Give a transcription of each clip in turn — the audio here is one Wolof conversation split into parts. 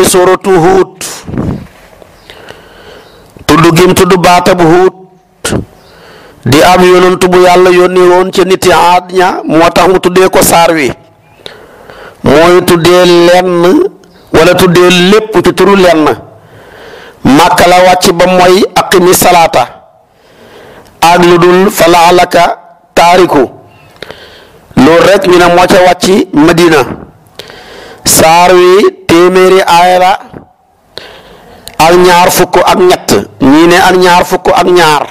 mooy suratu huut tudd gim tudd baatab huut di am yonantu bu yàlla yónni woon ca niti aad ña moo tax mu tuddee ko saar wi mooy tuddee lenn wala tuddee lépp ci turu lenn màkka la wàcc ba mooy aqimi salaata ak lu dul fa laalaka taariku loolu rek ñu ne moo ca wàcc madina saar wi téeméeri ñett ñii ne ak ñaar fukk ak ñaar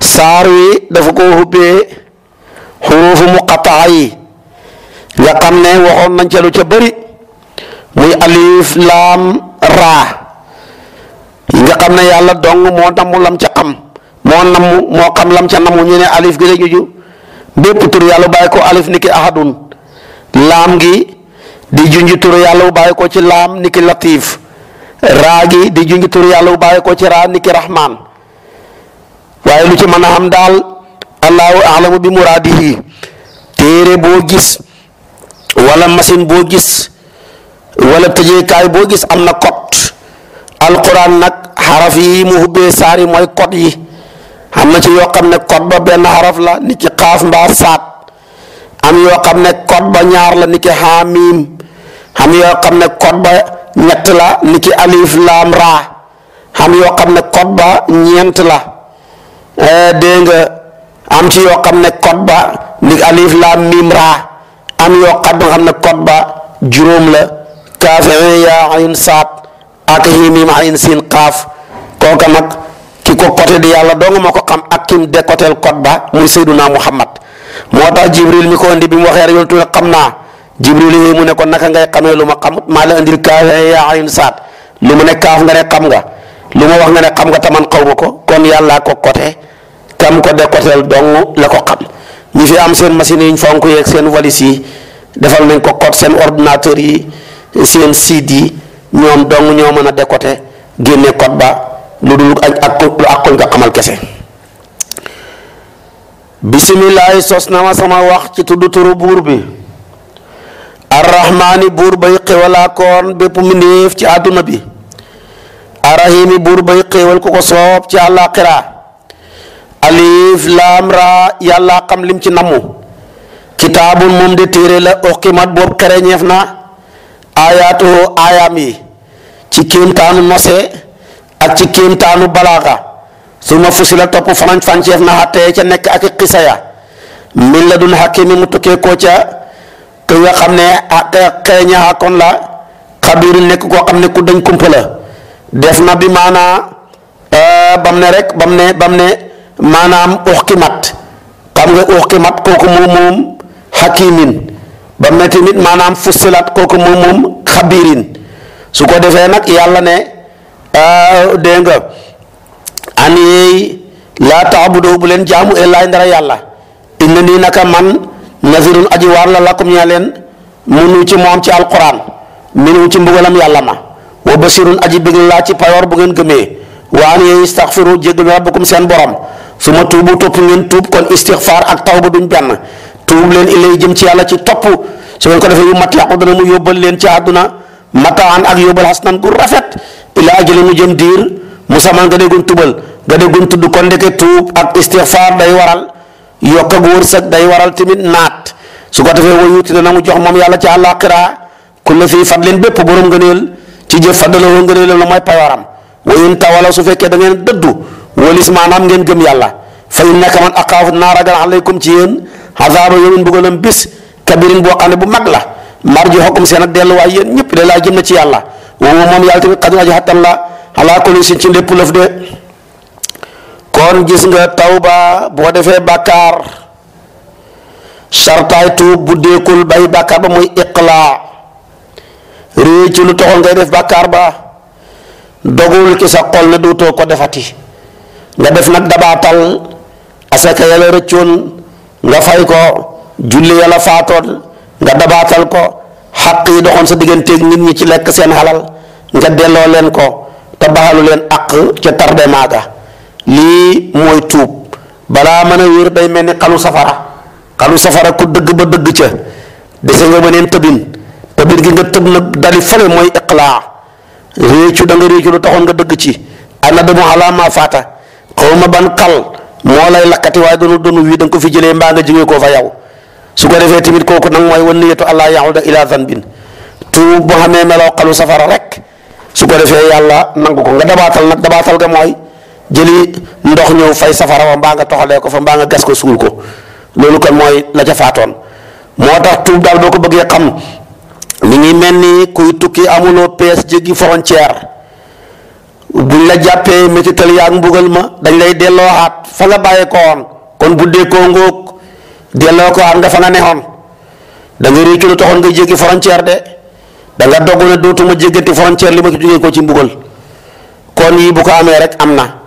saar wi dafa ca lu ca muy alif laam raa nga xam ne yàlla dong moo namu lam ca xam moo namu moo xam lam ca namu ñu ne alif gi la juju bépp tur yàlla bàyyi ko alif niki ahadun laam gi di junj turu yàlla bu bàyyi ko ci laam niki latif raa di junj yàlla wu bàyyi ko ci raa niki rahmaan waaye lu ci mën a am daal allahu alamu bi muraadihi téere boo gis wala machine boo gis wala tëjeekaay boo gis am na code alquran nag xaraf yi mu hubbee saar yi mooy code yi am na ci yoo xam ne code ba benn xaraf la ni ci xaaf mbaa saat am yoo xam ne code ba ñaar la niki hamim am yoo xam ne code ba ñett la niki alif laam raa am yoo xam ne code ba ñeent la eh, dégg nga am ci yoo xam ne code ba niki alif laam mim raa am yoo xam ne code ba juróom la kaaf yaa ayn saat ak himim ayn siin qaaf kooka nag ki ko côté di yàlla doo nga ma ko xam ak kim décotel code ba muy Seyduna Muhammad moo tax jibril mi ko indi bi mu waxee rek yow xam naa jibril yooyu mu ne ko naka ngay xamee lu ma xamut maa la indil kaaf yaa ayn saat lu mu ne kaaf nga ne xam nga lu ma wax nga ne xam nga taman xaw ma ko kon yàllaa ko côté kam ko décotel dong la ko xam ñi fi am seen machine yi ñu fonk yeeg seen valise yi defal nañ ko code seen ordinateur yi seen site yi ñoom dong ñoo mën a décoté génne code ba lu dul ak ak lu àqul nga xamal kese bismillaahi sos na ma sama wax ci tudd turu buur bi arrahmaani buur bay xéewalaa bépp mbindéef ci àdduna bi arrahiimi buur bay xéewal ku ko soob ci àllaaxira alif laam yàlla xam lim ci namu kitaabun moom de téere la oqimat boobu xereñeef na aayaatoo aayaam yi ci kéemtaanu nose ak ci kéemtaanu balaaxa suma fusila topp farañ fànceef na xàttee ca nekk ak xisa ya min la dun xakimi mu tukkee koo ca ka nga xam ne xeeña xàkkoon la xabiiru nekk koo xam ne ku dañ kumpa la def na bi maanaa euh, bam ne rek bam ne bam ne maanaam uxkimat xam nga uxkimat kooku moom moom xakimin bam ne tamit maanaam fusilat kooku moom moom xabiirin su ko defee nag yàlla ne euh, dégg nga an yeey laa taabudu bu leen jaamu illaa ndara yàlla inna nii naka man nazirun aji waar la lakum ñaa leen munu ci moom ci alquran minu ci mbugalam yàlla ma wa basirun aji bégl laa ci payoor bu ngeen gëmee wa an yeey istaxfiru jéggalu rabbakum seen borom su ma tuubu topp ngeen tuub kon istixfaar ak tawba duñ benn tuub leen ilay jëm ci yàlla ci topp su ngeen ko defee yu mat dana mu yóbbal leen ci àdduna mataan ak yóbbal xasnan gu rafet ilaa ajali mu jëm diir Moussa man nga déggoon tubal nga déggoon tudd kon ndeke tuub ak istixfaar day waral yokk ak wërsëg day waral tamit naat su ko defee wa yuuti dana mu jox moom yàlla ci àllaaxira kulla fii fadlin bépp borom ngëneel ci jëf faddaloo ngëneelam la mooy payoram wa in tawalaw su fekkee da ngeen dëddu walis maanaam ngeen gëm yàlla fa innaka man aqaafu naa ragal alaykum ci yéen azaaba yawmin mbugalam bis kabirin boo xam ne bu mag la marji xokkum seen ak delluwaay yéen ñëpp de laa jëm na ci yàlla wa moom yàlla tamit xadin aji xattan la alaa kulli si ci lépp lëf de kon gis nga taw tawba boo defee bàkkaar sartaay tuub bu déekul bay bàkkaar ba muy iqlaa réer ci lu taxoon ngay def bàkkaar ba dogul ci sa xol ne dootoo ko defati nga def nag dabaatal asaka yàlla rëccoon nga fay ko julli yàlla faatoon nga dabaatal ko xàq yi doxoon sa digganteeg nit ñi ci lekk seen xalal nga delloo leen ko te baalu leen àq ca tarde maaga lii mooy tuub balaa mën a wér day mel ni xalu safara xalu safara ku dëgg ba dëgg ca dese nga beneen tëbin tëbin gi nga tëb nag dali fële mooy laa réccu danga nga réccu lu taxoon nga dëgg ci ana damu alaa maa faata xaw ma ban xal moo lay lakkati waaye doonu doonu wii da ko fi jëlee mbaa nga jógee koo fa yow su ko defee tamit kooku nag mooy wan niyatu allah yahuda ila bin tuub boo xamee meloo xalu safara rek su ko defee yàlla nangu ko nga dabaatal nag dabaatal ga mooy jëli ndox ñëw fay safara wa mbaa nga toxalee ko fa mbaa nga gas ko suul ko loolu kon mooy la ca faatoon moo tax tuub daal boo ko bëggee xam mi ngi mel ni kuy tukki amuloo pees jéggi frontière buñ la jàppee métital yaa mbugal ma dañ lay delloo xaat fa nga bàyyee ko woon kon bu dee koo ngóog delloo ko xaat nga fa nga neexoon da réccu lu taxoon nga jéggi frontière de da nga dogu ne dootuma jéggante frontière li ma ko ko ci mbugal kon yi bu ko amee rek am na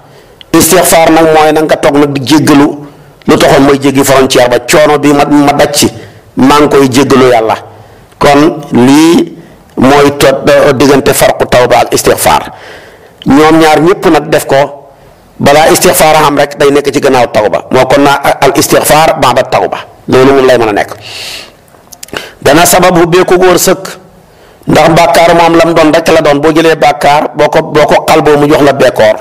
istixfaar nag mooy na nga toog nag di jéggalu lu taxoon mooy jéggi frontière ba coono bi ma ma daj ci maa ngi koy jéggalu yàlla kon lii mooy tot euh, diggante farqu ba ak istixfaar ñoom ñaar ñëpp nag def ko balaa istixfaar a am rek day nekk ci gannaaw tawba moo kon naa al istixfaar baada tawba loolu mun lay mën a nekk dana sabab ubbeeku wërsëg ndax bàkkaar la lam doon rek la doon boo jëlee bàkkaar boo ko boo ko xal boo mu jox la bekkoor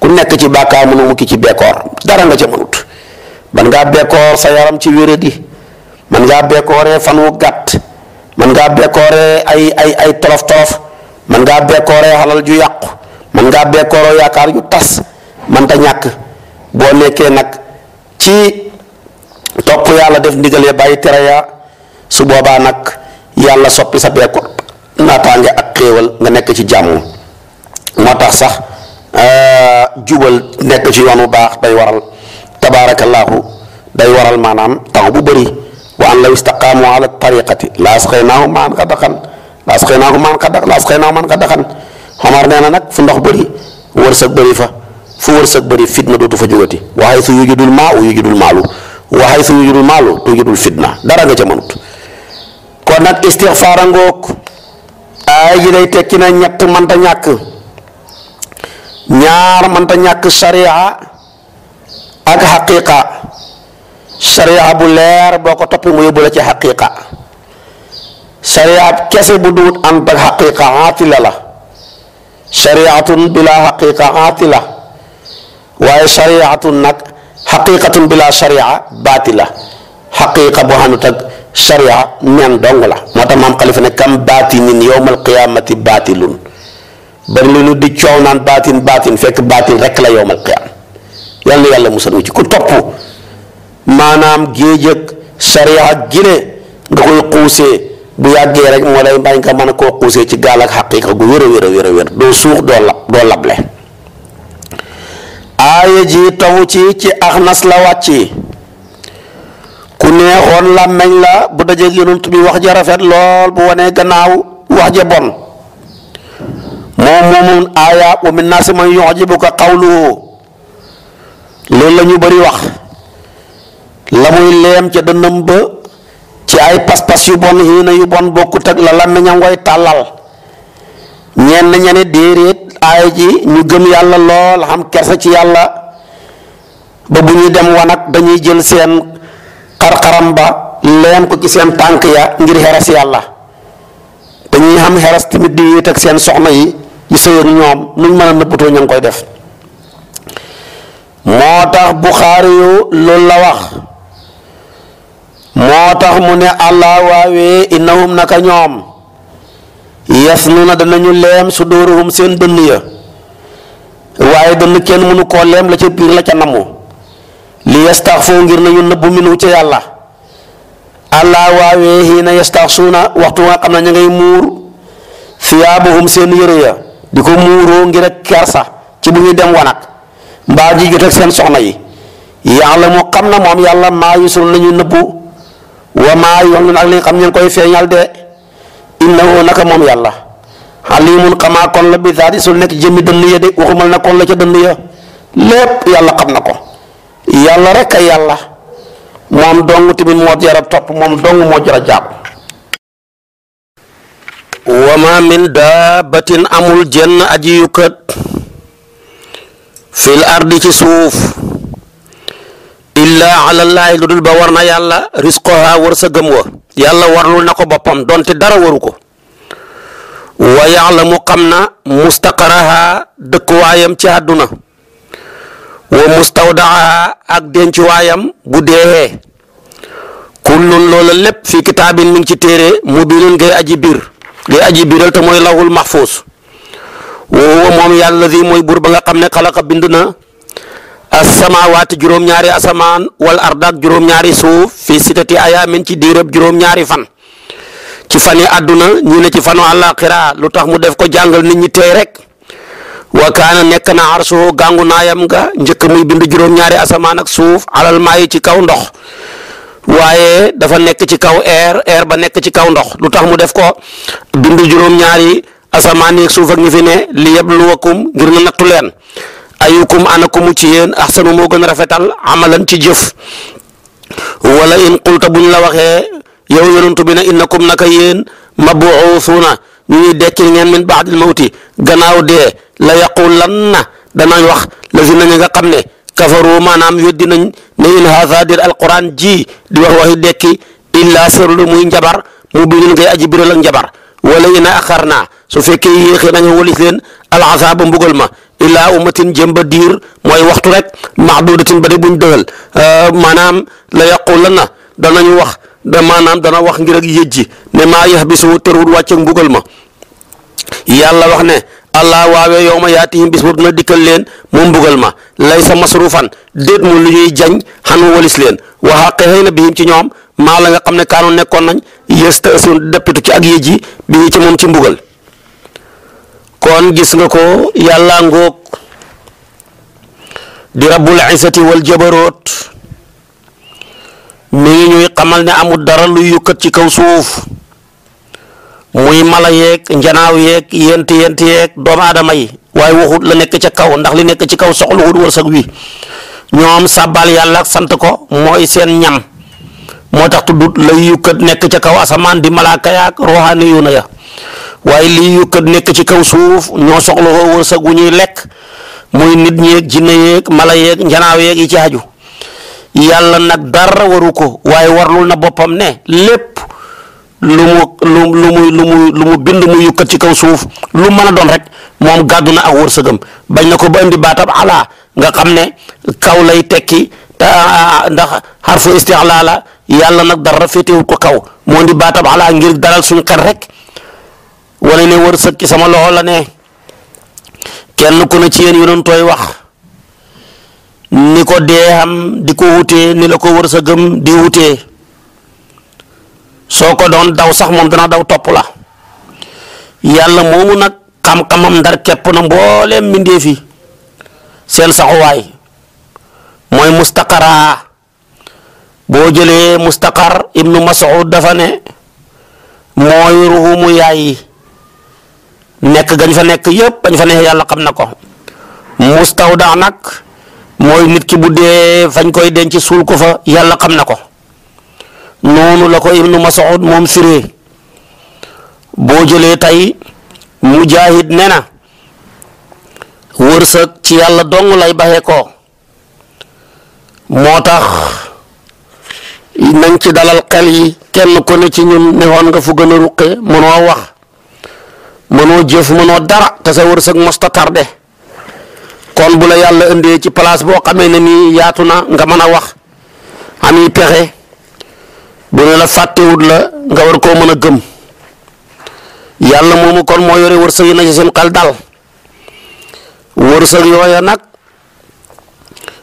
ku nekk ci bàkkaar mënu mukki ci bekkoor dara nga ca mënut man ngaa bekkoor sa yaram ci wéradi man ngaa bekkooree fan wu gàtt man ngaa bekkooree ay ay ay tolof tolof man ngaa bekkooree xalal ju yàqu man ngaa bekkooroo yaakaar ju tas man ta ñàkk boo nekkee nag ci topp yàlla def ndigalee bay tere ya su boobaa nag yàlla soppi sa bekkoor naataange ak xéewal nga nekk ci jàmm moo tax sax euh, jubal nekk ci yoon wu baax day waral tabaarakallaahu day waral maanaam taw bu bëri wa an law istaqaamu ala tariqati la asqaynaahum maan xadaxan la asqaynaahum maan xadax la asqaynaahum maan xadaxan xamar nee na nag fu ndox bëri wërsëg bëri fa fu wërsëg bëri fitna dootu fa jógati wa su yujudul maa'u yujudul maalu wa haysu yujudul maalu tujudul fitna dara nga ca mënut kon nag istixfaara ngoog aay ji day tekki na ñett mënta ñàkk ñaar mënta ñàkk sariya ak xaqiqa sariya bu leer boo ko toppi mu yóbbu la ci xaqiqa sariya kese bu duut ànd ak aatila la sariyatun bila xaqiqa aatila waaye sariyatun nag xaqiqatun bila sariya baatila xaqiqa bu àndut ak sharia ñaan dong la moo tax maam xalifa ne kam baatinin yowmal qiyaamati baatin baatin fekk baatin rekk la yowmal qiyaam yal na yàlla musal ci ku topp maanaam géej ak sharia gine nga koy xuusee bu yàggee rek moo lay mbañ nga mën a koo xuusee ci gaal ak xaqiiqa gu wér a wér a wér a wér doo suux doo lab doo lable aaya ji ci ci axnas la wàcc ku neexoon làmmeñ la bu dajee yonent bi wax ja rafet lool bu wanee gannaaw wax ja bon moom moomun aaya wa min naasi man yujibuka qawluhu loolu la ñu bari wax la muy leem ca dënnam ba ci ay pas-pas yu bon xiina yu bon bokkut ak la làmmeñam way tàllal ñenn ña ne déeréet aaya ji ñu gëm yàlla lool xam kersa ci yàlla ba bu ñuy dem wanag dañuy jël seen xarxaram ba leem ko ci seen tànk ya ngir xeres yàlla dañuy xam xeres tamit di wéet ak seen soxna yi yi sëy ak ñoom nuñ mën a nëbbutoo ña koy def moo tax buxaar yu loolu la wax moo tax mu ne allah waawee innahum naka ñoom yes nu na danañu leem su dóoruhum seen dënn ya waaye dënn kenn mënu koo leem la ca biir la ca namu li yastaxfu ngir nañu nëbbu minu ci yàlla allah waawee xiina yastaxsuuna waxtu nga xam ne ña ngay muur fiyaabahum seen yëre ya di ko muuroo ngir ak kersa ci bu ñuy dem wanag mbaa ji ak seen soxna yi yàlla mu xam na moom yàlla maa yu sul lañu ñu koy feeñal de innahu naka moom yàlla alimun xamaa kon la bi daal di sul nekk jëmmi dënn ya de waxumal na kon la ca dënn ya lépp yàlla xam na ko yàlla rek a yàlla moom dong tamit moo jar a topp moom dong moo jar a jàpp wa ma min daabatin amul jenn aji yu kët fil ardi ci suuf illaa alallaahi lu dul ba war na yàlla risqoha war sa gëm wa yàlla warlul na ko boppam donte dara waru ko wa ya'lamu xam na mustaqaraha dëkkuwaayam ci àdduna wa mustawdaa ak denc waayam bu deewee kullun loola lépp fi kitaabin mi ngi ci téere mubiinun ngay aji biir ngay aji biiral te mooy lawul maxfuus wa huwa moom yàlla di mooy buur ba nga xam ne xalaqa bind na asamaawaati juróom-ñaari asamaan wal ardak juróom-ñaari suuf fi sitati ayaamin ci diirab juróom-ñaari fan ci fani àdduna ñii ne ci fanu àllaaxira lu tax mu def ko jàngal nit ñi tey rek wa kaana nekk na arsuhu gàngu naayam nga njëkk muy bind juróom-ñaari asamaan ak suuf alal maayi ci kaw ndox waaye dafa nekk ci kaw air air ba nekk ci kaw ndox lu tax mu def ko bind juróom-ñaari asamaan yi suuf ak ñi fi ne li yabluwakum ngir na nattu leen ayukum anakumu ci yéen ahsanu moo gën a rafetal amalan ci jëf wala in qulta buñ la waxee yow yonent bi na innakum naka yéen mabuusuuna ñu ñuy dekkil ngeen min baadil mawti gannaaw dee la yaqulanna danañ wax lazina ñi nga xam ne kafaru maanaam weddi nañ ne in haasa dir alquran ji di wax waxi dekki illa sirlu muy njabar mu binun koy aji biral ak njabar wala ina axarna su fekkee yéexee nañu walis leen alasaaba mbugal ma illaa ummatin jëm ba diir mooy waxtu rek maxdudatin ba de buñ dëgal maanaam la yaqulanna danañu wax da maanaam dana wax ngir ak ji ne maa yax bi su tërwut wàcc ak mbugal ma yàlla wax ne allah waawee yow ma yaatihim bis boobu dina dikkal leen mu mbugal ma lay sa masrufan déet mu lu ñuy jañ xanu walis leen waxaqe xëy na bihim ci ñoom maa la nga xam ne kaanu nekkoon nañ yësta sun ci ak ji bi ci moom ci mbugal kon gis nga ko yàlla ngoog di rabbul isati jabaroot mi ngi ñuy xamal ne amul dara luy yukkat ci kaw suuf muy mala yeeg njanaaw yeeg yent yent yeeg doomu aadama yi waaye waxut la nekk ca kaw ndax li nekk ci kaw soxluwut wërsëg wi ñoom sàbbal yàlla sant ko mooy seen ñam moo tax tuddut lay nekk ca kaw asamaan di malaaka yaak roxaani yu lii yukkat nekk ci kaw suuf ñoo soxla wërsëg wu ñuy lekk muy nit ñeeg jinne yeeg mala yeeg njanaaw yeeg yi ci aju yàlla nag dara waru ko waaye warlul na boppam ne lépp lu mu lu mu lu mu lu mu bind mu yukkat ci kaw suuf lu mën a doon rek moom gàddu na ak wërsëgam bañ na ko ba indi baatab alaa nga xam ne kaw lay tekki te ndax xarfu istixlaa la yàlla nag dara féetewul ko kaw moo indi baatab alaa ngir daral suñ xel rek wane ne wërsëg ci sama loxo la ne kenn ku ne ci yéen yu doon tooy wax. ni ko dee am di ko wutee ni la ko war wërsëgam di wutee soo ko doon daw sax moom dana daw topp la yàlla moomu nag xam-xamam ndar képp na mbooleem mbindee fi seen saxuwaay mooy mustaqaraa boo jëlee mustakar ibnu mas'ud dafa ne mooy ruhumu yaay yi nekk gañ fa nekk yépp bañ fa ne yàlla xam na ko mustawda nag mooy nit ki bu dee fañ koy denc suul ko fa yàlla xam na ko noonu la ko ibnu Mas'ud moom firee boo jëlee tey mujahid ne na wërsëg ci yàlla dong lay baxee ko moo tax nañ ci dalal xel yi kenn ku ne ci ñun newoon nga fu gën a ruqe mënoo wax mënoo jëf mënoo dara te sa wërsëg mosta tarde kon bu la yàlla indee ci place boo xamee ne nii yaatu na nga mën a wax ami pexe bu ne la fàttewut la nga war koo mën a gëm yàlla moomu kon moo yore wërsëg yi na ci seen xel dal wërsëg yooya nag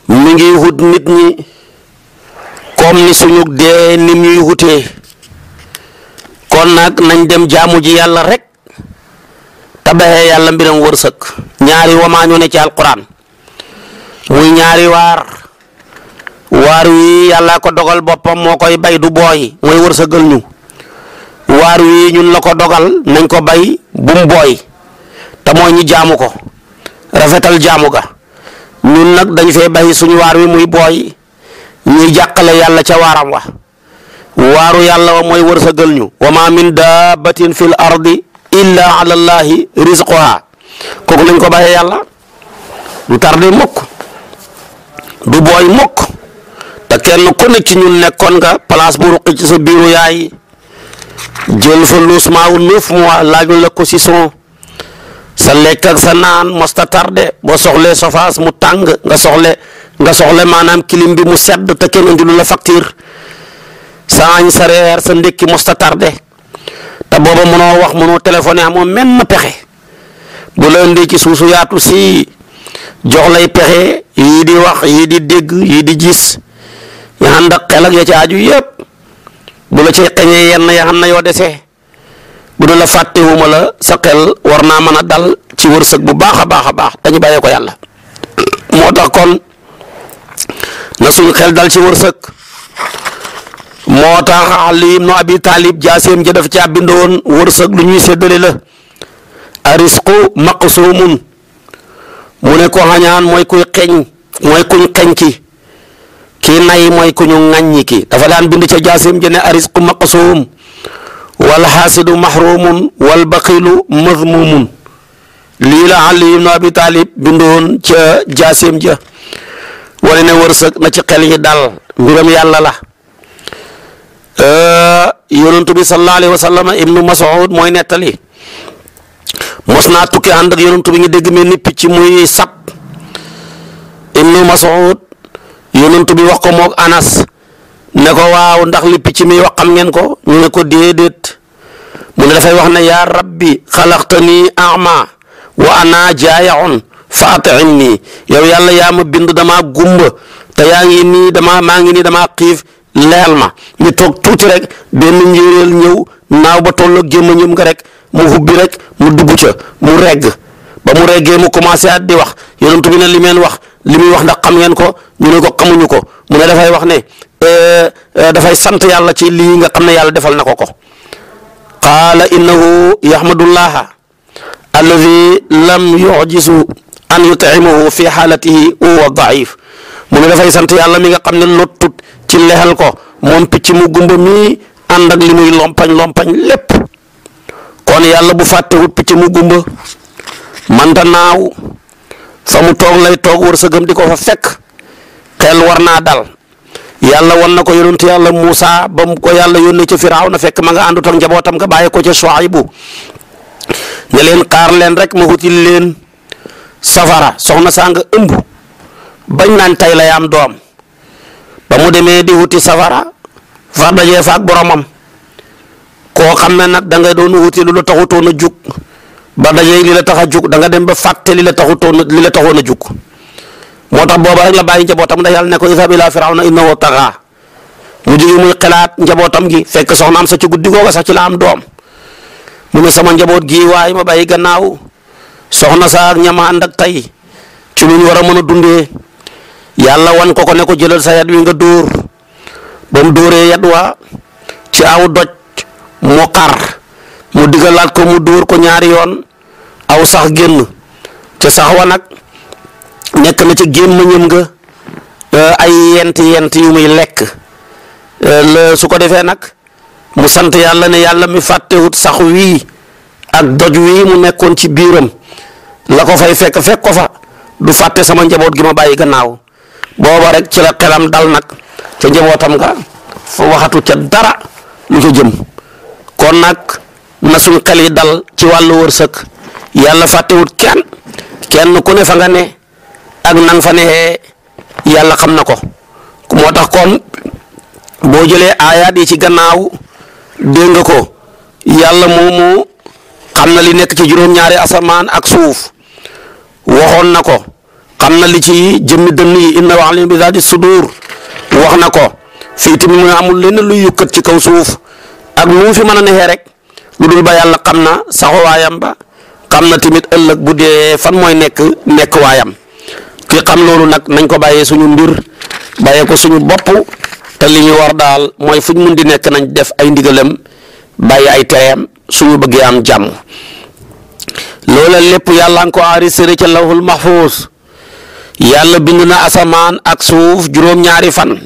mu ngi wut nit ñi comme ni suñu dee nim ñuy wutee kon nag nañ dem jaamu ji yàlla rek tabaxee yàlla mbiram wërsëg ñaari wamaa ñu ne ci alquran muy ñaari waar waar wi yàlla ko dogal boppam moo koy bay du booy mooy wërsëgal ñu waar wi ñun la ko dogal nañ ko bay bum booy te mooy ñu jaamu ko rafetal jaamu ga nag dañ fee bay suñu waar wi muy booy ñuy jàqale yàlla ca waaram wa waaru yàlla wa mooy wërsëgal ñu wa ma min daabatin fil ardi illa alallaahi risquha kooku nañ ko bàyyee yàlla du tardé mukk du booy mukk te kenn ku ne ñun nekkoon nga place bu ruqi ci sa biiru yaay jël fa loosement wu neuf mois laaju la ko si son sa lekk sa naan mosta tardé boo soxle sofaas mu tàng nga soxle nga soxle maanaam kilim bi mu sedd te kenn indi lu la facture sa añ sa reer sa ndékki mosta tardé te booba mënoo wax mënoo téléphoné amoo menn pexe bu la indee ci suusu yaatu si jox lay pexe yii di wax yii di dégg yii di gis ya ànd xel ak ya ci aju yëpp bu la ci xeñee yenn ya xam na yoo dese bu ne la fàttewuma la sa xel war naa mën a dal ci wërsëg bu baax a baax a baax dañu bàyyee ko yàlla moo tax kon na suñu xel dal ci wërsëg moo tax Ali ibnu Abi Talib jaaseem ja daf caa bindoon wërsëg lu ñuy séddale la arisqu maqsumun mu ne ko xañaan mooy kuy mooy kuñ xeñ ki kii nay mooy ku ñu ki dafa daan bind ca jaaseem ja ne arisqu maqsum wal xaasidu mahrumun wal baqilu mazmumun lii la Ali ibnu Abi Talib bindoon ca jaaseem ja wane ne wërsëg na ci xel ñi dal mbiram yàlla la Euh, yonantu bi sallallahu alayhi wa sallam ibnu Mas'ud mooy nettali mos naa tukki ànd ak yonantu bi ñu dégg mel ni picc muy sap ibnu Mas'ud yonantu bi wax ko moog Anas ne ko waaw ndax li picc mi wax xam ngeen ko ñu ne ko déedéet mu ne dafay wax ne yaa rabbi xalaqtani ama wa ana jaayaun fa atimni yow yàlla yaa ma bind dama gumba te yaa ngi nii damaa maa ngi nii damaa xiif leel ma ñu toog tuuti rek benn njéeréel ñëw naaw ba tolloog gémmiñam nga rek mu hubbi rek mu dugg ca mu regg ba mu reggee mu commencé at di wax yonent bi ne li meen wax li muy wax ndax xam ngeen ko ñu ne ko xamuñu ko mu ne dafay wax ne eh, eh, dafay sant yàlla ci lii nga xam ne yàlla defal na ko ko qaala innahu yaxmadullaha alladi lam yujisu an yutcimuhu fi xaalatihi wa daif mu ne dafay sant yàlla mi nga xam ne lottut ci lexal ko moom picc mu gumba mii ànd ak li lompañ lompañ lépp kon yàlla bu fàttewut picc mu gumba manta naaw fa mu toog lay toog war wërsëgam di ko fa fekk xel war naa dal yàlla wan na ko yonentu yàlla Muusa ba mu ko yàlla yónnee ca na fekk ma nga àndut ak njabootam nga bàyyi ko ca Suaybu ne leen kaar leen rek ma wutil leen safara soxna saa nga ëmb bañ naan tey la yaam doom ba mu demee di wuti safara fa dajee faak boromam koo xam ne nag da nga doon wuti lu la taxutoon a jug ba dajee li la tax a jug da nga dem ba fàtte li la taxutoon li la taxoon a jug moo tax booba rek la bàyyi njabootam ndax yàlla ne ko idhab ilaa na innahu taxaa mu jóge muy xalaat njabootam gi fekk soxnaam am sa ci guddi googa sax ci la am doom mu ne sama njaboot gi waay ma bàyyi gannaaw soxna saak ñama ànd ak tey ci lu ñu war a mën a dundee yàlla wan ko ko ne ko jëlal sa yat wi nga dóor ba mu dóoree yat waa ci aw doj mu xar mu digalaat ko mu dóor ko ñaari yoon aw sax génn ca sax wa nag nekk na ca gémmiñam nga eh, ay yent yent yu muy lekk eh, su ko defee nag mu sant yàlla ne yàlla mi fàttewut sax wii ak doj wii mu nekkoon ci biiram la ko fay fekk fekk ko fa du fàtte sama njaboot gi ma bàyyi gannaaw booba rek ci la xelam dal nag ca njabootam nga foo waxatu ca dara lu ca jëm kon nag na suñ xel dal ci wàllu wërsëg yàlla fàttewut kenn kenn ku ne fa nga ne ak nan fa ne yàlla xam na ko moo tax kon boo jëlee aayaat yi ci gannaaw dégg nga ko yàlla mu xam na li nekk ci juróom-ñaari asamaan ak suuf waxoon na ko xam na li ci jëmmi dënn yi inna wax leen bi daal di sudur wax na ko fii timit mu amul lenn luy yëkkat ci kaw suuf ak nu mu fi mën a nexee rek lu dul ba yàlla xam na saxuwaayam ba xam na timit ëllëg bu dee fan mooy nekk nekk waayam ki xam loolu nag nañ ko bàyyee suñu mbir bàyyee ko suñu bopp te li ñu war daal mooy fuñ mun di nekk nañ def ay ndigalam bàyyi ay tereem suñu bëggee am jàmm loola lépp yàlla nga ko enregistré ca lawhul mahfuz yàlla bind na asamaan ak suuf juróom-ñaari fan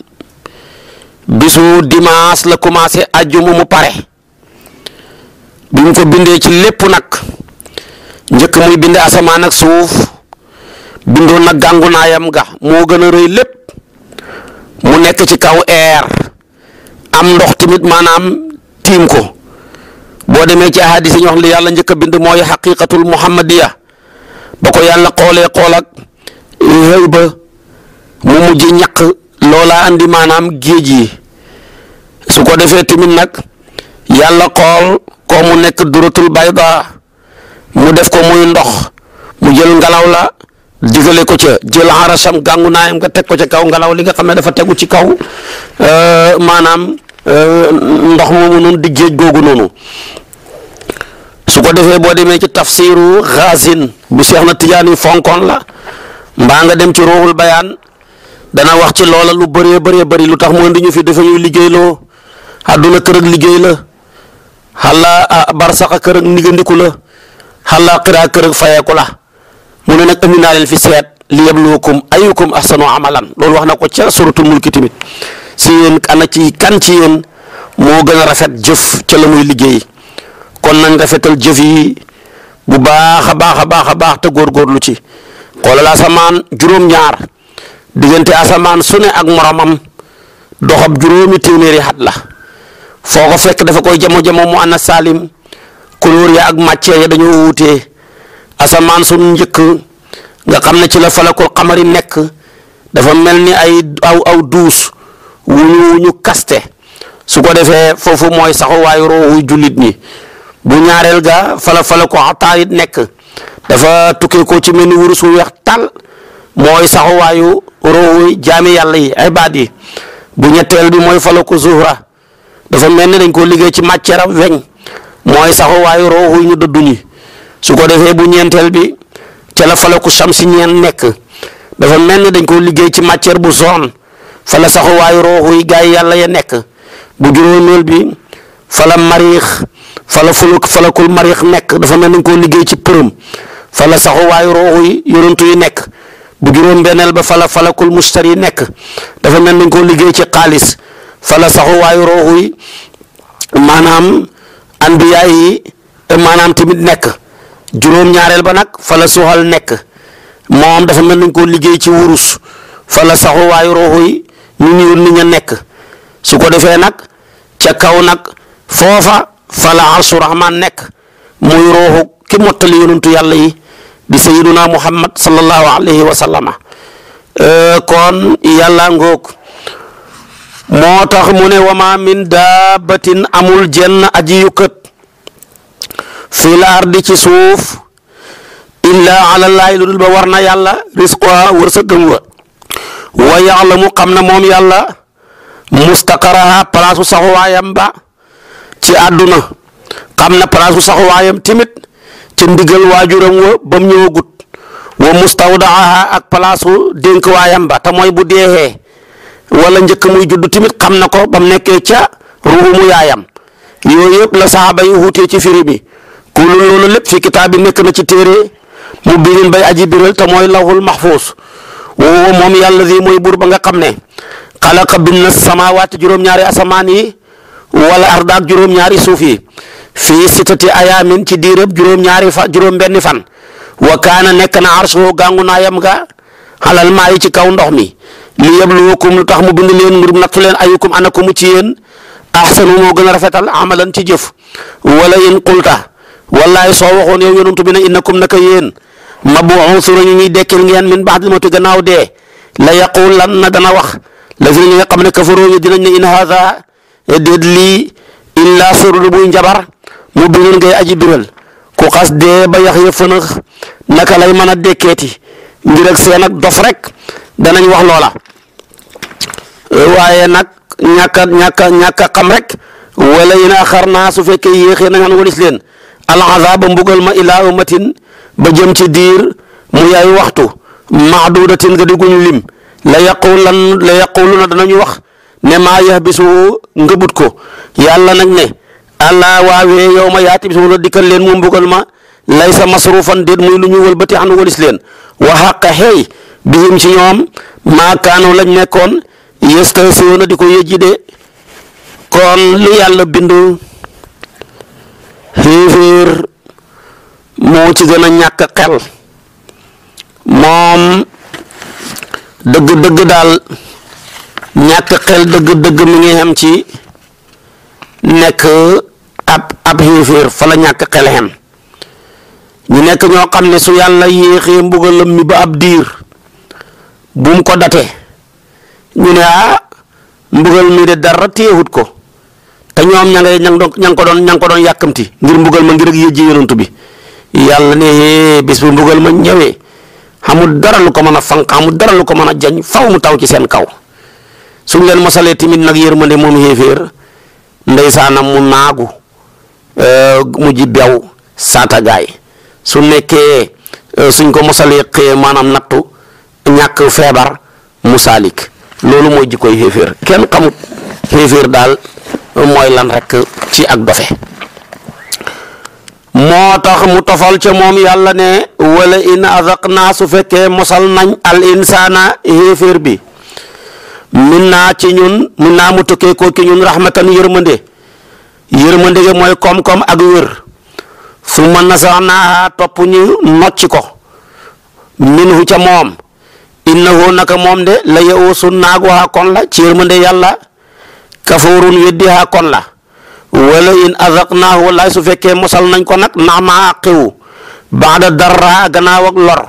bisu dimaas la commencé àjjuma mu pare bi mu ko bindee ci lépp nag njëkk muy bind asamaan ak suuf bindoon nag gàngunaayam ga moo gën a rëy lépp mu nekk ci kaw air am ndox tamit maanaam tiim ko boo demee ci ahadis yi ñu li yàlla njëkk a bind mooy xaqiqatul muhammadiya ba ko yàlla xoolee xool xëy ba mu ñaq loola andi maanaam géej yi su ko defee tamit nag yàlla xool mu nekk duratul bayda mu def ko muy ndox mu jël ngelaw la digale ko ca jël xarasam gàngu naayam nga teg ko ca kaw ngelaw li nga xam ne dafa tegu ci kaw euh, maanaam euh, ndox moomu noonu di géej googu noonu su ko defee boo demee ci tafsiru xaasin bu Seex na Tijaani fonkon la mbaa nga dem ci ruuxul bayaan dana wax ci loola lu bëree bëree bëri lu tax mu indi ñu fi dafa ñuy liggéeyloo àdduna kër ak liggéey la xalaa ah, barsaxa kër ak niggandiku la xalaa xiraa kër ak fayeeku la mu ne nag indi naa fi seet li yabluwakum ayukum ahsanu amalan loolu wax na ko ca suratul mulki tamit si yéen ana ci kan ci moo gën a rafet jëf ca la muy liggéey kon nañ rafetal jëf yi bu baax a baax a baax a baax te góorgóorlu ci xoolal asamaan juróom-ñaar diggante asamaan su ne ak moromam doxab juróomi téeméeri xat la foo ko fekk dafa koy jamo jamo mu ana salim couleur ya ak matière ya dañu wuute asamaan su njëkk nga xam ne ci la falakul xamari nekk dafa mel ni ay aw aw duus wu ñu wu kaste su ko defee foofu mooy saxuwaayu roowu jullit ñi bu ñaareel ga fala fala ko nekk. dafa tukkee ci mel ni wurus wu weex tàll mooy saxuwaayu roowu jaami yàlla yi ay baat yi bu ñetteel bi mooy falaku zuhra dafa mel ni dañ ko liggéey ci matière am weñ mooy saxuwaayu roowu su ko defee bu ñeenteel bi ca la falaku shamsi ñeen nekk dafa mel ni dañ ko liggéey ci matière bu zone fa la saxuwaayu roowu yi yàlla ya nekk bu juróomeel bi fala mariix fala fuluk falakul mariix nekk dafa mel nañ dañ ko liggéey ci përëm fala la saxu waayu ruuxu yi yonantu yi nekk bu juróom-benneel ba fala falakul mustari yi nekk dafa mel ni koo liggéey ci xaalis fala saxu waayu ruuxu yi maanaam anbiya maanaam tamit nekk juróom-ñaareel ba nag fala suxal nekk moom dafa mel nañ ko liggéey ci wurus fala saxu waayu ruuxu yi ñu ñuul ni ña nekk su ko defee nag ca kaw nag foofa fala arsu rahman nekk muy ruuxu ki mottali yonantu yàlla yi di sayyiduna muhammad sallallahu alayhi wa sallama euh, kon yàlla ngoog moo tax mu ne wama min daabatin amul jenn aji yukkat fil ardi ci suuf illa ala llaahi lu dul ba war na yàlla risquha wërsëgam wa wa yaalamu xam na moom yàlla mustaqaraha palaasu saxuwaayam ba ci àdduna xam na palaasu saxuwaayam timit ca ndigal juróom wa ba mu ñëwagut wa mustawdaaha ak palaasu dénk waayam ba te mooy bu deexee wala njëkk muy judd tamit xam na ko ba mu nekkee ca ruumu yaayam yooyu yëpp la saxaaba bay wuutee ci firi bi ku loolu lépp fi kitaab nekk na ci téere mu birin bay aji biral te mooy lawhul maxfuus woowa moom yàlla di mooy buur ba nga xam ne xalaqa bind na samaawaati juróom-ñaari asamaan yi wala ardaak juróom-ñaari suuf yi fii sitati ayaamin ci diirëb juróom-ñaari fa juróom-benni fan wa kaana nekk na arsuhu gàngu naayam ga xalal maa ci kaw ndox mi li yabluwakum lu tax mu bind leen ngir nattu leen ayukum anakumu ci yéen ahsanu moo gën a rafetal amalan ci jëf wala in qulta wallaay soo waxoon yow yonantu bi ne innakum naka yéen mabuusuna ñu ñuy dekkil ngeen min ba'dil mawti gannaaw dee la yaqulanna dana wax la fi ñi nga xam ne kafaroo yi dinañ ne in haada déet lii illa mu birul ngay aji biral ku xas dee ba yax ya naka lay mën a dekkeeti ngir ak seen ak dof rek danañ wax loola waaye nag ñàkk a ñàkk a xam rek wala yi naa naa su fekkee yéexee nañ xan walis leen alazaba mbugal ma ilaa ba jëm ci diir mu yaay waxtu maxdudatin ga diguñ lim la yaqulan la yaquluna danañu wax ne maa yahbisu ngëbut ko yàlla nag ne allah waawee yow ma yaati bis ma la dikkal leen mu mbugal ma lay sa masrufan déet muy lu ñu wëlbati xanu walis leen wa xàqa xeey ci ñoom maa lañ nekkoon yës ka di ko yëjji de kon lu yàlla bindu xéeféer moo ci gën a ñàkk xel moom dëgg-dëgg daal ñàkk xel dëgg-dëgg mi ngi xam ci nekk ab ab xéeféer fa la ñàkk xel xem ñu nekk ñoo xam ne su yàlla yéexee mbugalam mi ba ab diir bu ko date ñu ne ah mbugal mi de dara téewut ko te ñoom ña ngay ña ngi ko doon ña ngi ko doon yàkkamti ngir mbugal ma ngir ak yëjji yonantu bi yàlla ne bis bu mbugal ma ñëwee amul dara lu ko mën a fanq xamul dara lu ko mën a jañ faw mu taw ci seen kaw suñ leen mosalee timit nag yërmande moom xéeféer ndeysaanam mu naagu euh, mujj bew saatagaay su nekkee euh, suñ ko mosaleeqee maanaam nattu ñàkk feebar musaalik loolu mooy jikkoy xéeféer kenn xamut xéeféer daal mooy lan rek ci ak dofe moo tax mu tofal ca moom yàlla ne wala in azaq naa su fekkee mosal nañ al insaana xéeféer bi min naa ci ñun mun naa mu tukkee ko ci ñun rahmatan yërmande yërmande gi mooy koom-koom ak wér su mën na sax naa topp ñu nocc ko minhu ca moom innahu naka moom de la yawusun naag waxaa kon la ci yërmande yàlla kafoorun weddi haa kon la wala in azaqnaahu wallaay su fekkee mosal nañ ko nag nax maa xiwu baada darra gannaaw ak lor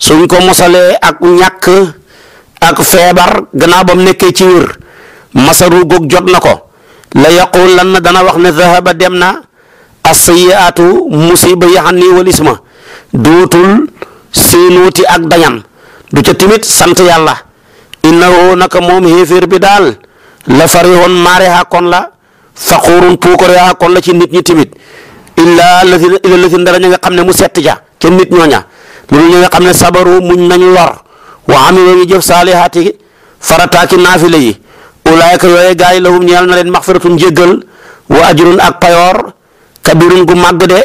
suñ ko mosalee ak ñàkk ak feebar gannaaw ba mu nekkee ci wér masaru góog jot na ko la yaqul lan na dana wax ne zahaba dem na asiyaatu musiba yi xam ni walis ma dootul séenuuti ak dañan du ca timit sant yàlla innahu naka moom xéeféer bi daal la farihun maare kon la faquurun puukare xàkkoon la ci nit ñi timit illaa lati illa lati nga xam ne mu set ja ca nit ñooña loolu ña nga xam ne sabaru muñ nañ lor wa amiloo ñu jëf saalihaati farataaki naafila yi ulaayka yooye gaa yi lahum ñeel na leen maxfiratun jéggal wa ajrun ak payoor kabirun gu màgg de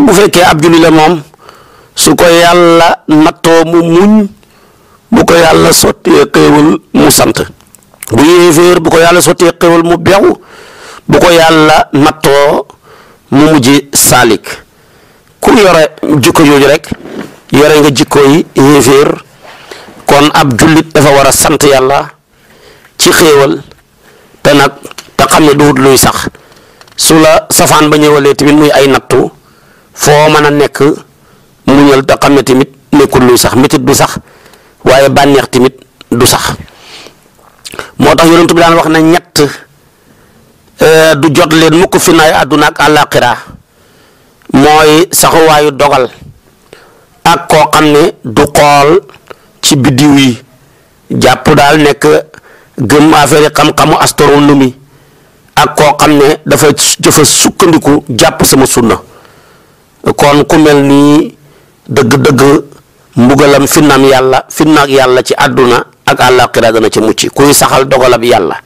bu fekkee ab julli moom su ko yàlla nattoo mu muñ yàlla sottee bu ko yàlla sottee xéewal mu bew ko yàlla nattoo mu mujj saalik ku yore jikko jooju rek yore nga jikko yi kon ab jullit dafa war a sant yàlla ci xéewal te nag te xam ne duut luy sax su la safaan ba ñëwalee tamit muy ay nattu foo mën a nekk muñal te xam ne tamit nekkul luy sax métit du sax waaye bànneex tamit du sax moo tax yonent bi daan wax na ñett e, du jot leen mukk fi naay àdduna ak àllaaxira mooy saxuwaayu dogal ak koo xam ne du xool ci biddiw yi jàpp daal nekk gëm affaire xam-xamu astronomie ak koo xam ne dafa dafa sukkandiku jàpp sama sunna kon ku mel nii dëgg-dëgg mbugalam finnaam yàlla finnaak yàlla ci àdduna ak àllaaxira dana ci mucc kuy saxal dogalab yàlla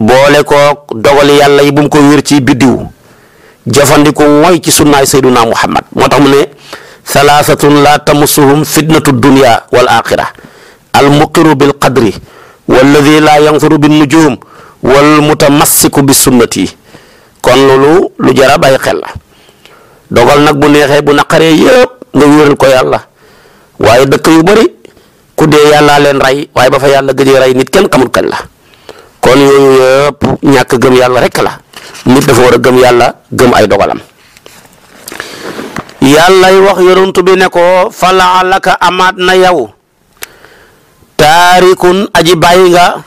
boole ko dogali yàlla yi bu mu ko wér ci biddiw jëfandiku mooy ci sunnaay sayduna muhammad moo tax mu ne thalaathatun laa tamassuhum fitnatu dunya wal axira al muqiru bil qadri walladi laa yanzuru bin nujum wal mutamassiku bi sunnati kon loolu lu jar a bàyyi xel la dogal nag bu neexee bu naqaree yëpp nga wéeral ko yàlla waaye dëkk yu bari ku dee yàllaa leen rey waaye ba fa yàlla gëjee rey nit kenn xamul kañ la kon yooyu yëpp ñàkk gëm yàlla rekk la nit dafa war a gëm yàlla gëm ay dogalam yàllay wax yonantu bi ne ko fa laalaka amaat na yow taarikun aji bàyyi nga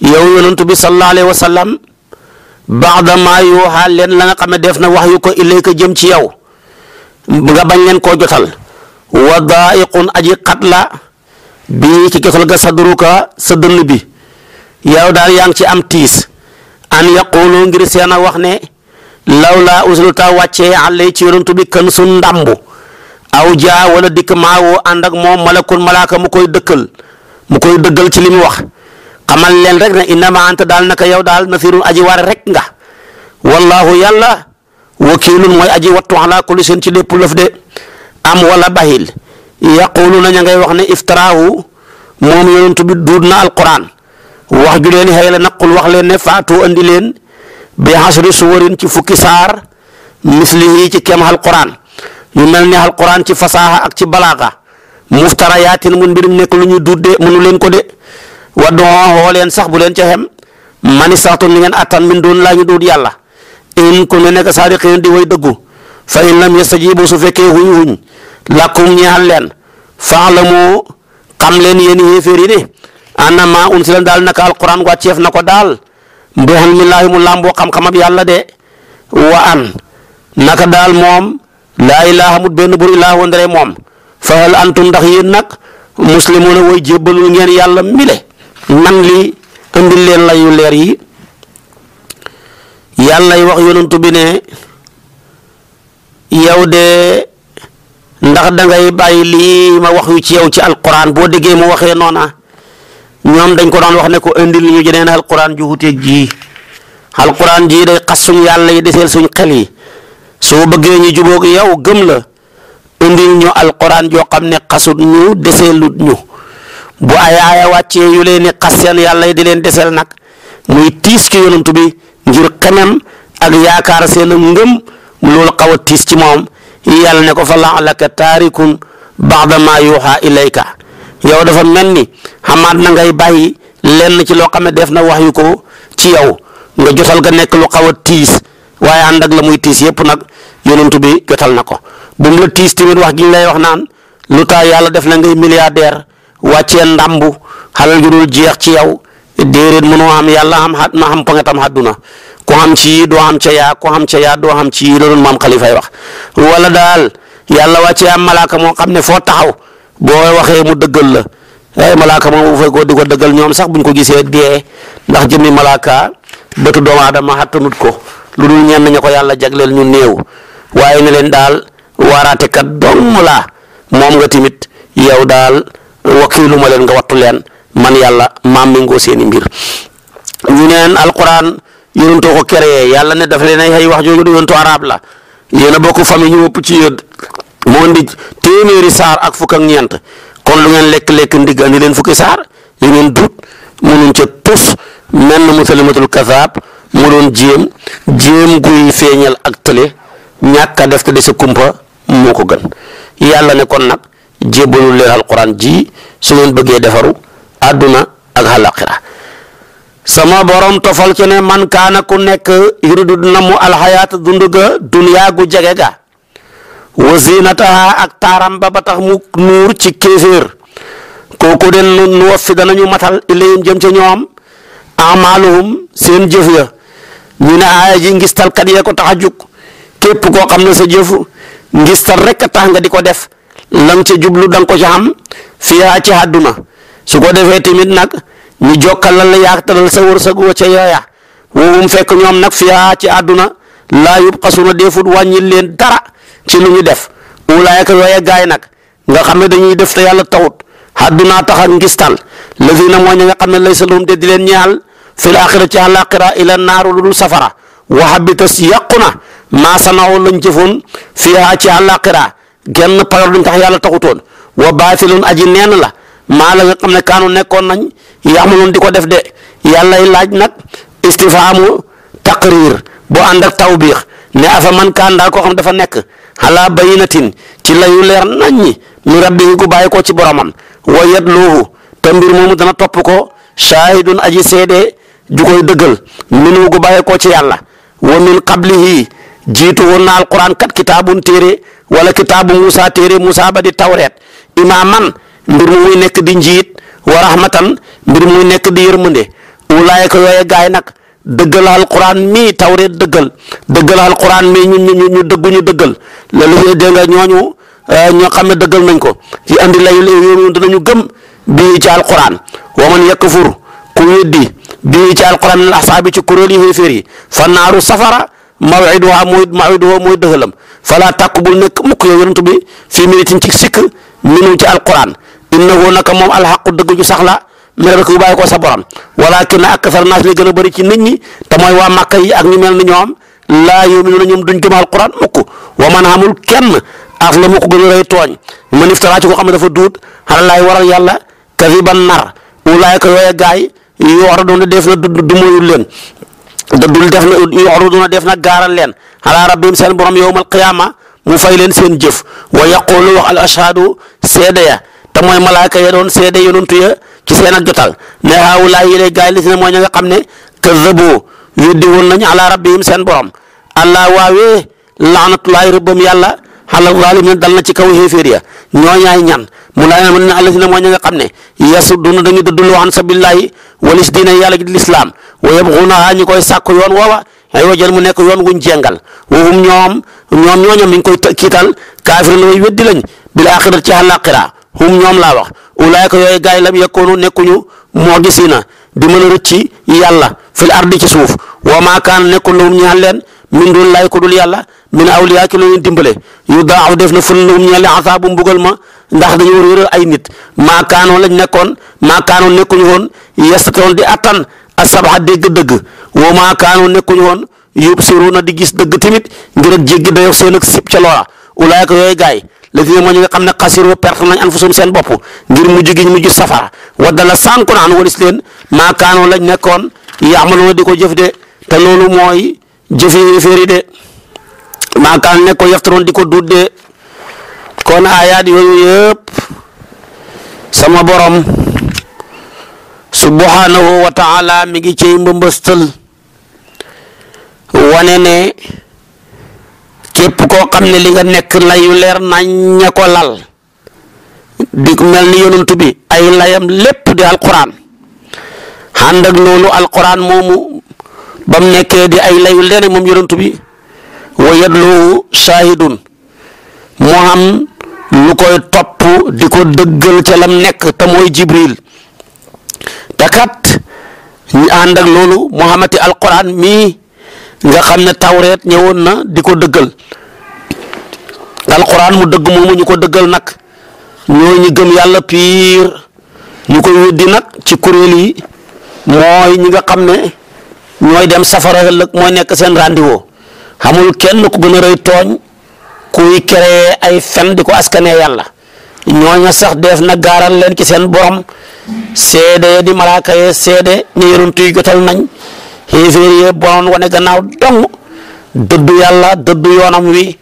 yow yonantu bi sallallahu alayhi wa sallam baxda maa yuuxaa leen la nga xam ne def na wax yu ko ilayka jëm ci yaw nga bañ leen koo jotal wa daaiqun aji xat la ci kesal ga sadruka sa dënn bi yow daal yaa ngi ci am tiis an yaqulu ngir seen a wax ne lawlaa unzilata wàccee àllee ci yonantu bi kan sun ndàmbu aw jaa wala dikk maawoo ànd ak moom malakun malaaka mu koy dëkkal mu koy dëggal ci li mu wax xamal leen rek ne innama anta daal naka yow daal nasirun aji waar rek nga wallahu yàlla wakiilun mooy aji wattu ala kulli seen ci lépp lëf de am wala bahil yaquluna ña ngay wax ne iftaraahu moom yonantu bi duud na alquran wax ju leen xëy la wax leen faatu andi leen bi xasri suwarin ci fukki saar mislihi ci kem alquran yu mel ni al alquran ci fasaaxa ak ci balaaxa muftarayaatin mun mbirum nekk lu ñuy dudde mënu leen ko de waddu xoo leen sax bu leen ca xem mani saxtu mi ngeen attan min doon laa ñu duut yàlla in ku ne nekk saadiqin di way dëggu fa in lam yastajibu su fekkee huñ huñ lakum ñeexal la faalamu xam leen yéen yéeféer yi ne annama unsila daal naka alquran wàcceef na ko daal mboxan mi laay mu làmboo xam-xamab yàlla de wa an naka daal moom laa ilaaha mut benn bur ilaaha wandare moom fahal antum ndax yéen nag muslimuna way jébbalul ngeen yàlla mile man li andil leen layu leer yi yàllay wax yonantu bi ne yow de ndax dangay bàyyi lii ma wax yu ci yow ci alquran boo déggee mu waxee noona ñoom dañ ko daan wax ne ko indil ñu jeneen alquran ju wuteeg jii alquran jii day xas suñ yàlla yi deseel suñ xel yi soo bëggee ñu jubóog yow gëm la indil ñu alquran joo xam ne xasut ñu deseelut ñu bu ay aaya wàccee yu leen ni xas seen yàlla yi di leen deseel nag muy tiis ci yonantu bi ngir xemem ak yaakaar seen ngëm loolu xaw tiis ci moom yàlla ne ko fa la'allaka taarikun ba'da yuuxaa ilayka yow dafa mel ni xamaat na ngay bàyyi lenn ci loo xam ne def na wax yu ko ci yow nga jotal ga nekk lu xaw a tiis waaye ànd ak la muy tiis yëpp nag yonent bi jotal na ko bu la tiis tamit wax gi lay wax naan lu tax yàlla def na ngay milliardaire wàccee ndàmbu xalal ju dul jeex ci yow déedéet mënoo am yàlla am xat ma xam pangetam xadduna ku xam ci yii doo xam ca yaa ku xam ca yaa doo xam ci yii loolu maam xalifay wax wala daal yàlla wàccee am malaaka moom xam ne foo taxaw boo waxee mu dëggal la waaye eh, malaaka moom bu fekkoon di ko dëggal ñoom sax bu ñu ko gisee dee ndax jëmmi malaaka bëtu doomu aadama xattanut ko lu dul ñenn ña ko yàlla jagleel ñu néew waaye ne leen daal waaraatekat dong laa moom nga tamit yow daal wakiilu ma leen nga wattu leen man yàlla maam mi ngoo seeni mbir ñu neen alquran yonentoo ko créé yàlla ne daf leen wax jooju du yonentu arab la yéen a bokk famille ñu ëpp ci yéen moo indi téeméeri saar ak fukk ak ñeent kon lu ngeen lekk-lekk ndigg andi leen fukki saar li ngeen dut munuñ ca tus mel na musalimatul kasaab mu doon jéem jéem guy feeñal ak tële ñàkk a def ko di sa kumpa moo ko gën yàlla ne kon nag jébbalul leen alquran ji su ngeen bëggee defaru àdduna ak àllaaxira sama borom tofal ci ne man kaana ku nekk yuridu na mu alxayaata dund ga dunyaa gu jege ga wa ak taaram ba tax mu nuur ci kéeféer kooku den nu waffi danañu matal ilayhim jëm ca ñoom amaaluhum seen jëf ya ñu ne aaya ji ngistalkat yee ko tax a jug képp koo xam ne sa jëf ngistal rek a tax nga di ko def lang ca jublu da ko ca xam fiyaa ci àdduna su ko defee tamit nag ñu jokkalal la yaataral sa wërsëg wa ca yooya woowum fekk ñoom nag fiyaa ci àdduna laa yub xasuna defut wàññi leen dara ci lu ñu def ulaayaka yooye gaay nag nga xam ne dañuy def te yàlla taxut haddunaa tax ak ngistal na mooy ña nga xam ne laysa lahum de di leen ñaal fil axira ci àllaaxira ila naaru lu dul safara wa habitas yàqu na maa sanaaw lañ jëfoon fiihaa ci àllaaxira genn payoor duñ tax yàlla taxutoon wa baatilun aji neen la maa la nga xam ne kaanu nekkoon nañ yaxmaloon di ko def de yàlla yàllay laaj nag istifaamu taqrir bu ànd ak tawbiix ne afa man kaan daal koo xam dafa nekk alaa bayinatin ci layu leer naññi mi rabbihi ku ko ci boromam wa yatluuhu te mbir moomu dana topp ko shaahidun aji seede ju koy dëggal minu gu ko ci yàlla wa min qablihi jiitu woon na alquran kat kitaabun téere wala kitaabu Musa téere Musa ba di tawreet imaaman mbir mu muy nekk di njiit wa rahmatan mbir muy nekk di yërmande ulaayka yooye gaay dëggal alquran mii tawreet dëggal dëggal alquran mii ñu ñu ñu dëggu ñu dëggal loolu ñu dégg nga ñooñu euh, ñoo xam ne dëggal nañ ko ci andi lay yoonu danañu gëm bii ci alquran wa man yakfur ku weddi bii ci alquran min asaabi ci kuréel yi xéeféer yi fa naaru safara mawiduha mooy mawiduha mooy dëggalam fala tàkku bul nekk mukk yow yonent bi fii miritin ci sikk minu ci alquran innahu naka moom alxaqu dëgg ju sax la mi rek yu bàyyi ko sa borom walakin aksar naas li gën a bëri ci nit ñi te mooy waa Màkka yi ak ñu mel ni ñoom laa yuminuuna ñoom duñ gëm alquran mukk wa man amul kenn af la mu ko gën a rëy tooñ man iftaraa ci koo xam ne dafa duut xanaa laay waral yàlla kadiban nar ulaayka yooya gaay yoo doon def na du moyul leen dul def na yuxruduuna def na gaaral leen ala rabbihim seen borom yowmal qiyaama mu fay leen seen jëf wa yaquulu wax al ashhadu seede ya te mooy malaaka ya doon seede yonantu ya ci seen ak jotal ne haawulaa yi lay gaay li si ne mooy ña nga xam ne kazzabu weddi woon nañu ala rabbihim seen borom allah waawee laanatulaay rëbbam yàlla ala zaalimiin dal na ci kaw xéeféer ya ñoo ñaay ñan mu laa ne na allasina mooy ña nga xam ne yasudduna dañu dëdduloo an sabilillahi walis diine yàlla ji lislaam wa yabxunaha ñi koy sàkk yoon woowa ay wajan mu nekk yoon wuñ jengal wahum ñoom ñoom ñooñu mi ngi koy kiital kaafir way weddi lañ bil axira ci àllaaxira hum ñoom laa wax ulaayka yooyu gaay lam yakkoonu nekkuñu moo gisi na di mën a rëcci yàlla fil ardi ci suuf wa maa kaan nekkul lahum ñaal leen min dul laay ko dul yàlla min awliyaa ki lu dimbale yu daaw def na ful lahum ñaal leen asaabu mbugal ndax dañoo ay nit maa lañ nekkoon maa kaanoo nekkuñu woon yestatoon di attan asabaxa dégg-dëgg wa maa kaanoo nekkuñu woon na di gis dëgg tamit ngir ak jéggi dayoo seen ak sib ca loola ulaayka yooyu gaay la fi mooy ñi nga xam ne xasiroo perte nañ anfusum seen bopp ngir mujj gi mujj safara waddala sànku naan walis leen maakaanoo lañ nekkoon yaamaloona di ko jëf de te loolu mooy jëfee féeri de maakaan nekk ko yaftaroon di ko duut de kon ayaat yooyu yëpp sama borom subhanahu wa mi ngi ci mbëmbëstal wane ne képp koo xam ne li nga nekk layu leer nañ ña ko lal di mel ni yonent bi ay layam lépp di alquran ànd ak loolu alquran moomu bam mu nekkee di ay layu leer moom yonent bi wa yadlu shahidun mu am lu koy topp di ko dëggal ca lam nekk te mooy jibril te kat ñu ànd ak loolu muhammadi alquran mii nga xam ne tawreet ñëwoon na di ko dëggal alquran mu dëgg moomu ñu ko dëggal nag ñoo ñu gëm yàlla piir ñu ko weddi nag ci kuréel yi mooy ñi nga xam ne ñooy dem safara ëllëg mooy nekk seen rendez xamul kenn ku gën a rëy tooñ kuy créer ay fen di ko askanee yàlla ñooña sax def na gaaral leen ci seen borom seede di malaaka yee seede ñu yonent yi jotal nañ xéeféer yee bonoon wane gannaaw dong dëddu yàlla dëddu yoonam wi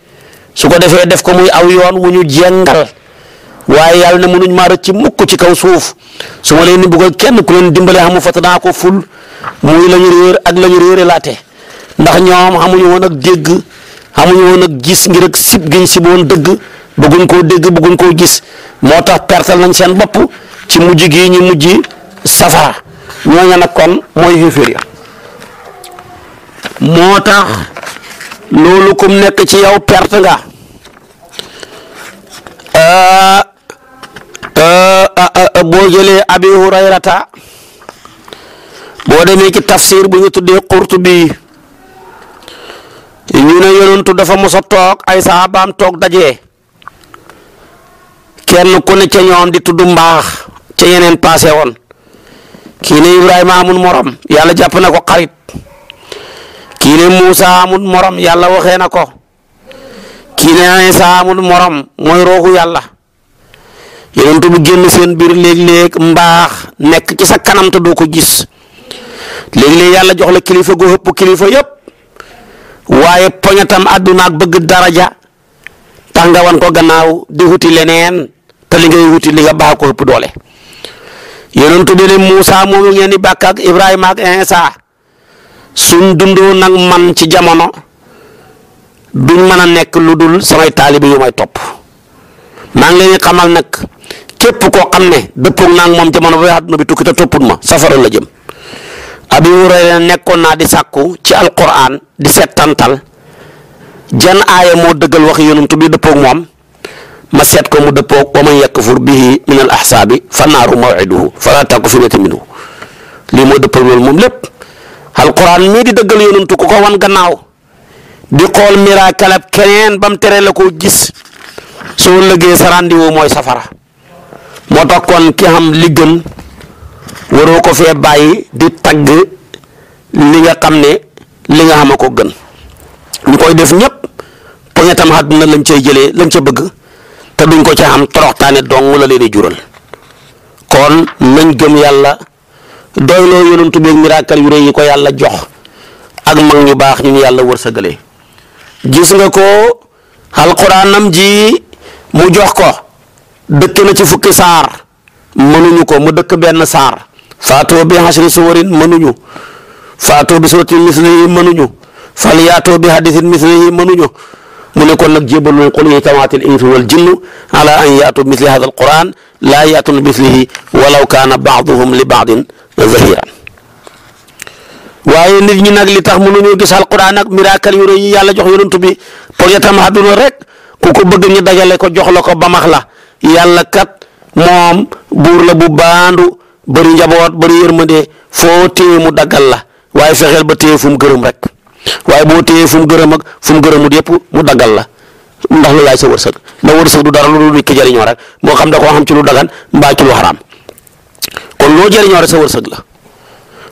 su ko defee def ko muy aw yoon wu ñu jengal waaye yàlla ne munuñ maa ci mukk ci kaw suuf su ma leen ni bëggal kenn ku leen dimbale xamu fat naa ko ful muy la réer ak la ñu réere laate ndax ñoom xamuñu woon ak dégg xamuñu woon ak gis ngir ak sib giñ siboon dëgg bëgguñ koo dégg bëgguñ koo gis moo tax pertal nañ seen bopp ci mujj gi ñu mujj safara ñooña nag kon mooy xéeféer ya moo tax loolu kum nekk ci yow perte nga ah, ah, ah, boo jëlee abi hurayrata boo demee ci tafsir bu ñu tuddee qurtubi ñu ne yonentu dafa mos a toog ay saabaam toog daje kenn ku ne ca ñoom di tudd mbaax ca yeneen passé woon kii ne Ibrahima amul morom yàlla jàpp na ko karit kii ne Moussa amul morom yàlla waxee na ko kii ne Isa amul mooy roogu yàlla yonent bu génn seen biir léeg-léeg mbaax nekk ci sa kanam te doo ko gis léeg-léeg yàlla jox la kilifa gu ëpp kilifa yëpp waaye poñatam àdduna ak bëgg daraja tax nga wan ko gannaaw di wuti leneen te li ngay wuti li nga baax ko ëpp doole yonent bi ne Moussa moomu suñ dundoo nag man ci jamono bi mën a nekk lu dul samay taalibe yu may topp maa ngi leen xamal nag képp koo xam ne dëppoog naa moom jamono ba àdduna bi te topput safara la jëm nekkoon naa di sàkku ci alquran di seetantal jan aaya moo dëggal wax yonent bi dëppoog moom ma seet ko mu dëppoog wa man yakfur bihi min al ahsaabi fa naaru mawiduhu fala taku fitnatun minhu lii moo dëppal loolu moom lépp alquran mii di dëggal yonantu ko ko wan gannaaw di xool miracle ab keneen bam teree la koo gis soo lëggee sa mooy safara moo tax kon ki xam li gën waroo ko fee bàyyi di tagg li nga xam ne li nga xam a ko gën ñu koy def ñëpp poñetam àdduna lañ cay jëlee lañ ca bëgg te duñ ko ca xam toroxtaane dong la leen di jural kon nañ gëm yàlla doyloo yonantu beeg miraakal yu rëy yi ko yàlla jox ak mag ñu baax ñu ñu yàlla wërsëgalee gis nga ko alxuraanam ji mu jox ko dëkk na ci fukki saar mënuñu ko mu dëkk benn saar faatoo bi xasri suwarin mënuñu faatoo bi suratin mislihi mënuñu faliyaatoo bi hadisin mislihi mënuñu mu ne kon nag jébalul qul itamaatil insu wal jinnu ala an yaatu misli hada alquran laa yaatun mislihi walaw kaana baaduhum li baadin wa waaye nit ñi nag li tax mënuñu gis alquran ak miracle yu rëy yi yàlla jox yonent bi pour yatam àdduna rek ku ko bëgg ñu dajale ko jox la ko bamax la yàlla kat moom buur la bu baandu bëri njaboot bëri yërmande foo téye mu daggal la waaye fexeel ba téye fu gërëm rek waaye boo téye fu mu gërëm ak fu mu gërëmut yëpp mu daggal la ndax lu laay sa wërsëg ndax wërsëg du dara lu dul nit ki jëriñoo rek moo xam da koo xam ci lu dagan mbaa ci lu xaraam kon loo jëriñoo rek sa wërsëg la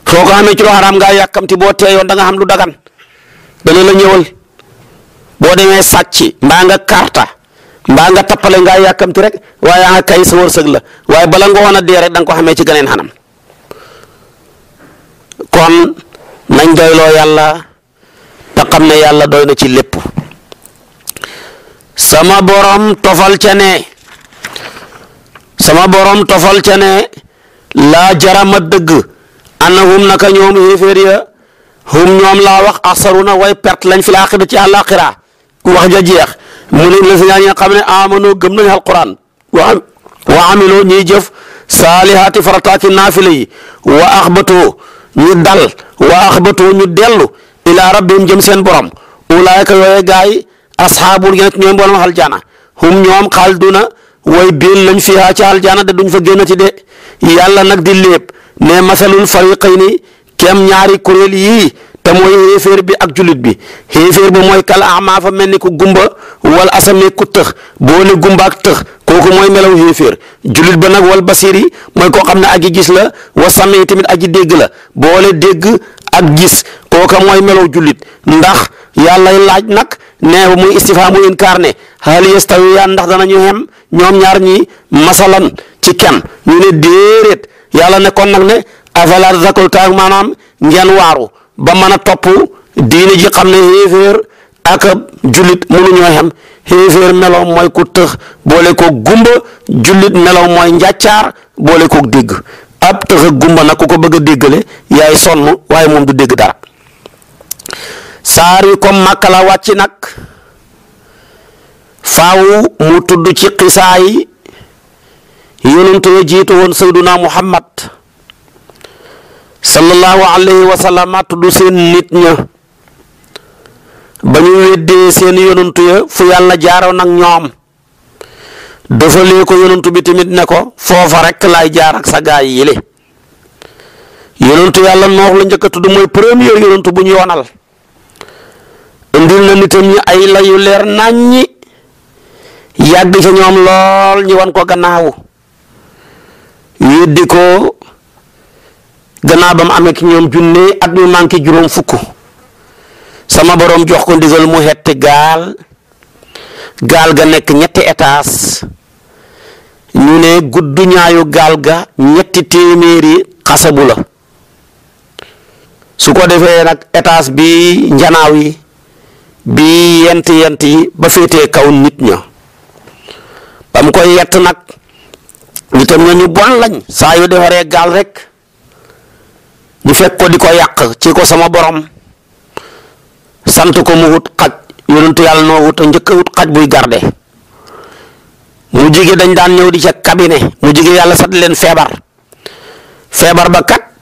soo ko amee ci lu xaraam ngaa yàkkamti boo teeyoon da nga xam lu dagan dana la ñëwal boo demee sàcc mbaa nga karta mbaa nga tappale ngaa yàkkamti rek waaye a ah kay sa wërsëg la waaye bala nga woon a dee rek da nga ko xamee ci ganeen xanam kon nañ doyloo yàlla te xam ne yàlla doy na ci lépp sama borom tofal ca sama borom tofal ca la laa jarama dëgg annahum naka ñoom yéeféer ya hum ñoom la wax asaruna way perte lañ fi laaxira ci àllaaxira wax ja jeex mu ne la si ñaa na nga xam ne amanoo gëm nañ alquran wa amiloo ñuy jëf saalihaati farataaki naafila yi wa axbatoo ñu dal wa axbatoo ñu dellu ilaa rabbihim jëm seen borom ulaayka yooye gaay asxaabul ñoom borom xal jaana hum ñoom xaalduna way biil lañ fiha ca aljana de duñ fa génnati de yàlla nag di léeb ne masalul fariqayni kem ñaari kuréel yii te mooy xéeféer bi ak jullit bi xéeféer ba mooy kal fa mel ni ku gumba wal asame ku tëx boole gumba ak tëx kooku mooy melaw xéeféer jullit ba nag wal bassiri mooy koo xam ne aji gis la wa same tamit aji dégg la boole dégg ak gis kooka mooy melaw jullit ndax yàlla laaj nag neew muy istifhaamu inkaar ne hal yastawiyaan ndax danañu xem ñoom ñaar ñi masalan ci kem ñu ne déeréet yàlla ne nag ne afala tazakkaruun taag maanaam ngeen waaru ba mën a topp diine ji xam ne xéeféer ak jullit mënuñoo xem xéeféer melow mooy ku tëx boole ko gumba jullit melow mooy njàccaar boole kook dégg ab tëx ak gumba nag ku ko bëgg a déggale yaay sonn waaye moom du dégg dara saar wi comme màkka la wàcc nag faaw mu tudd ci xisaa yi yonent ya jiitu woon sayduna muhammad sallallahu alayhi wa tudd seen nit ña ba ñu weddee seen yonent ya fu yàlla jaaroon ak ñoom dafa lee ko yonent bi ne ko foofa rek laay jaarak ak sa gaay yile yonent yàlla noox la njëkk a tudd mooy premier yonent bu ñu yoonal indil na nitam ñi ay layu leer naññi yàgg ca ñoom lool ñi wan ko gannaaw weddi ko gannaaw ba mu amee ci ñoom junne ak ñu manqué juróom fukk sama boroom jox ko ndigal mu xetti gaal gaal ga nekk ñetti étage ñu ne gudd ñaayu gaal ga ñetti téeméeri xasabu la su ko defee nag étage bi njanaaw yi bi yent yent yi ba féetee kaw nit ña ba mu koy yett nag nitam ña ñu bon lañ saa yu defaree gaal rek ñu fekk ko di ko yàq ci ko sama borom sant ko mu wut xaj yonentu yàlla noo wut a njëkk a wut xaj buy garde mu jige dañ daan ñëw di ca cabinet mu jige yàlla sat leen feebar feebar ba kat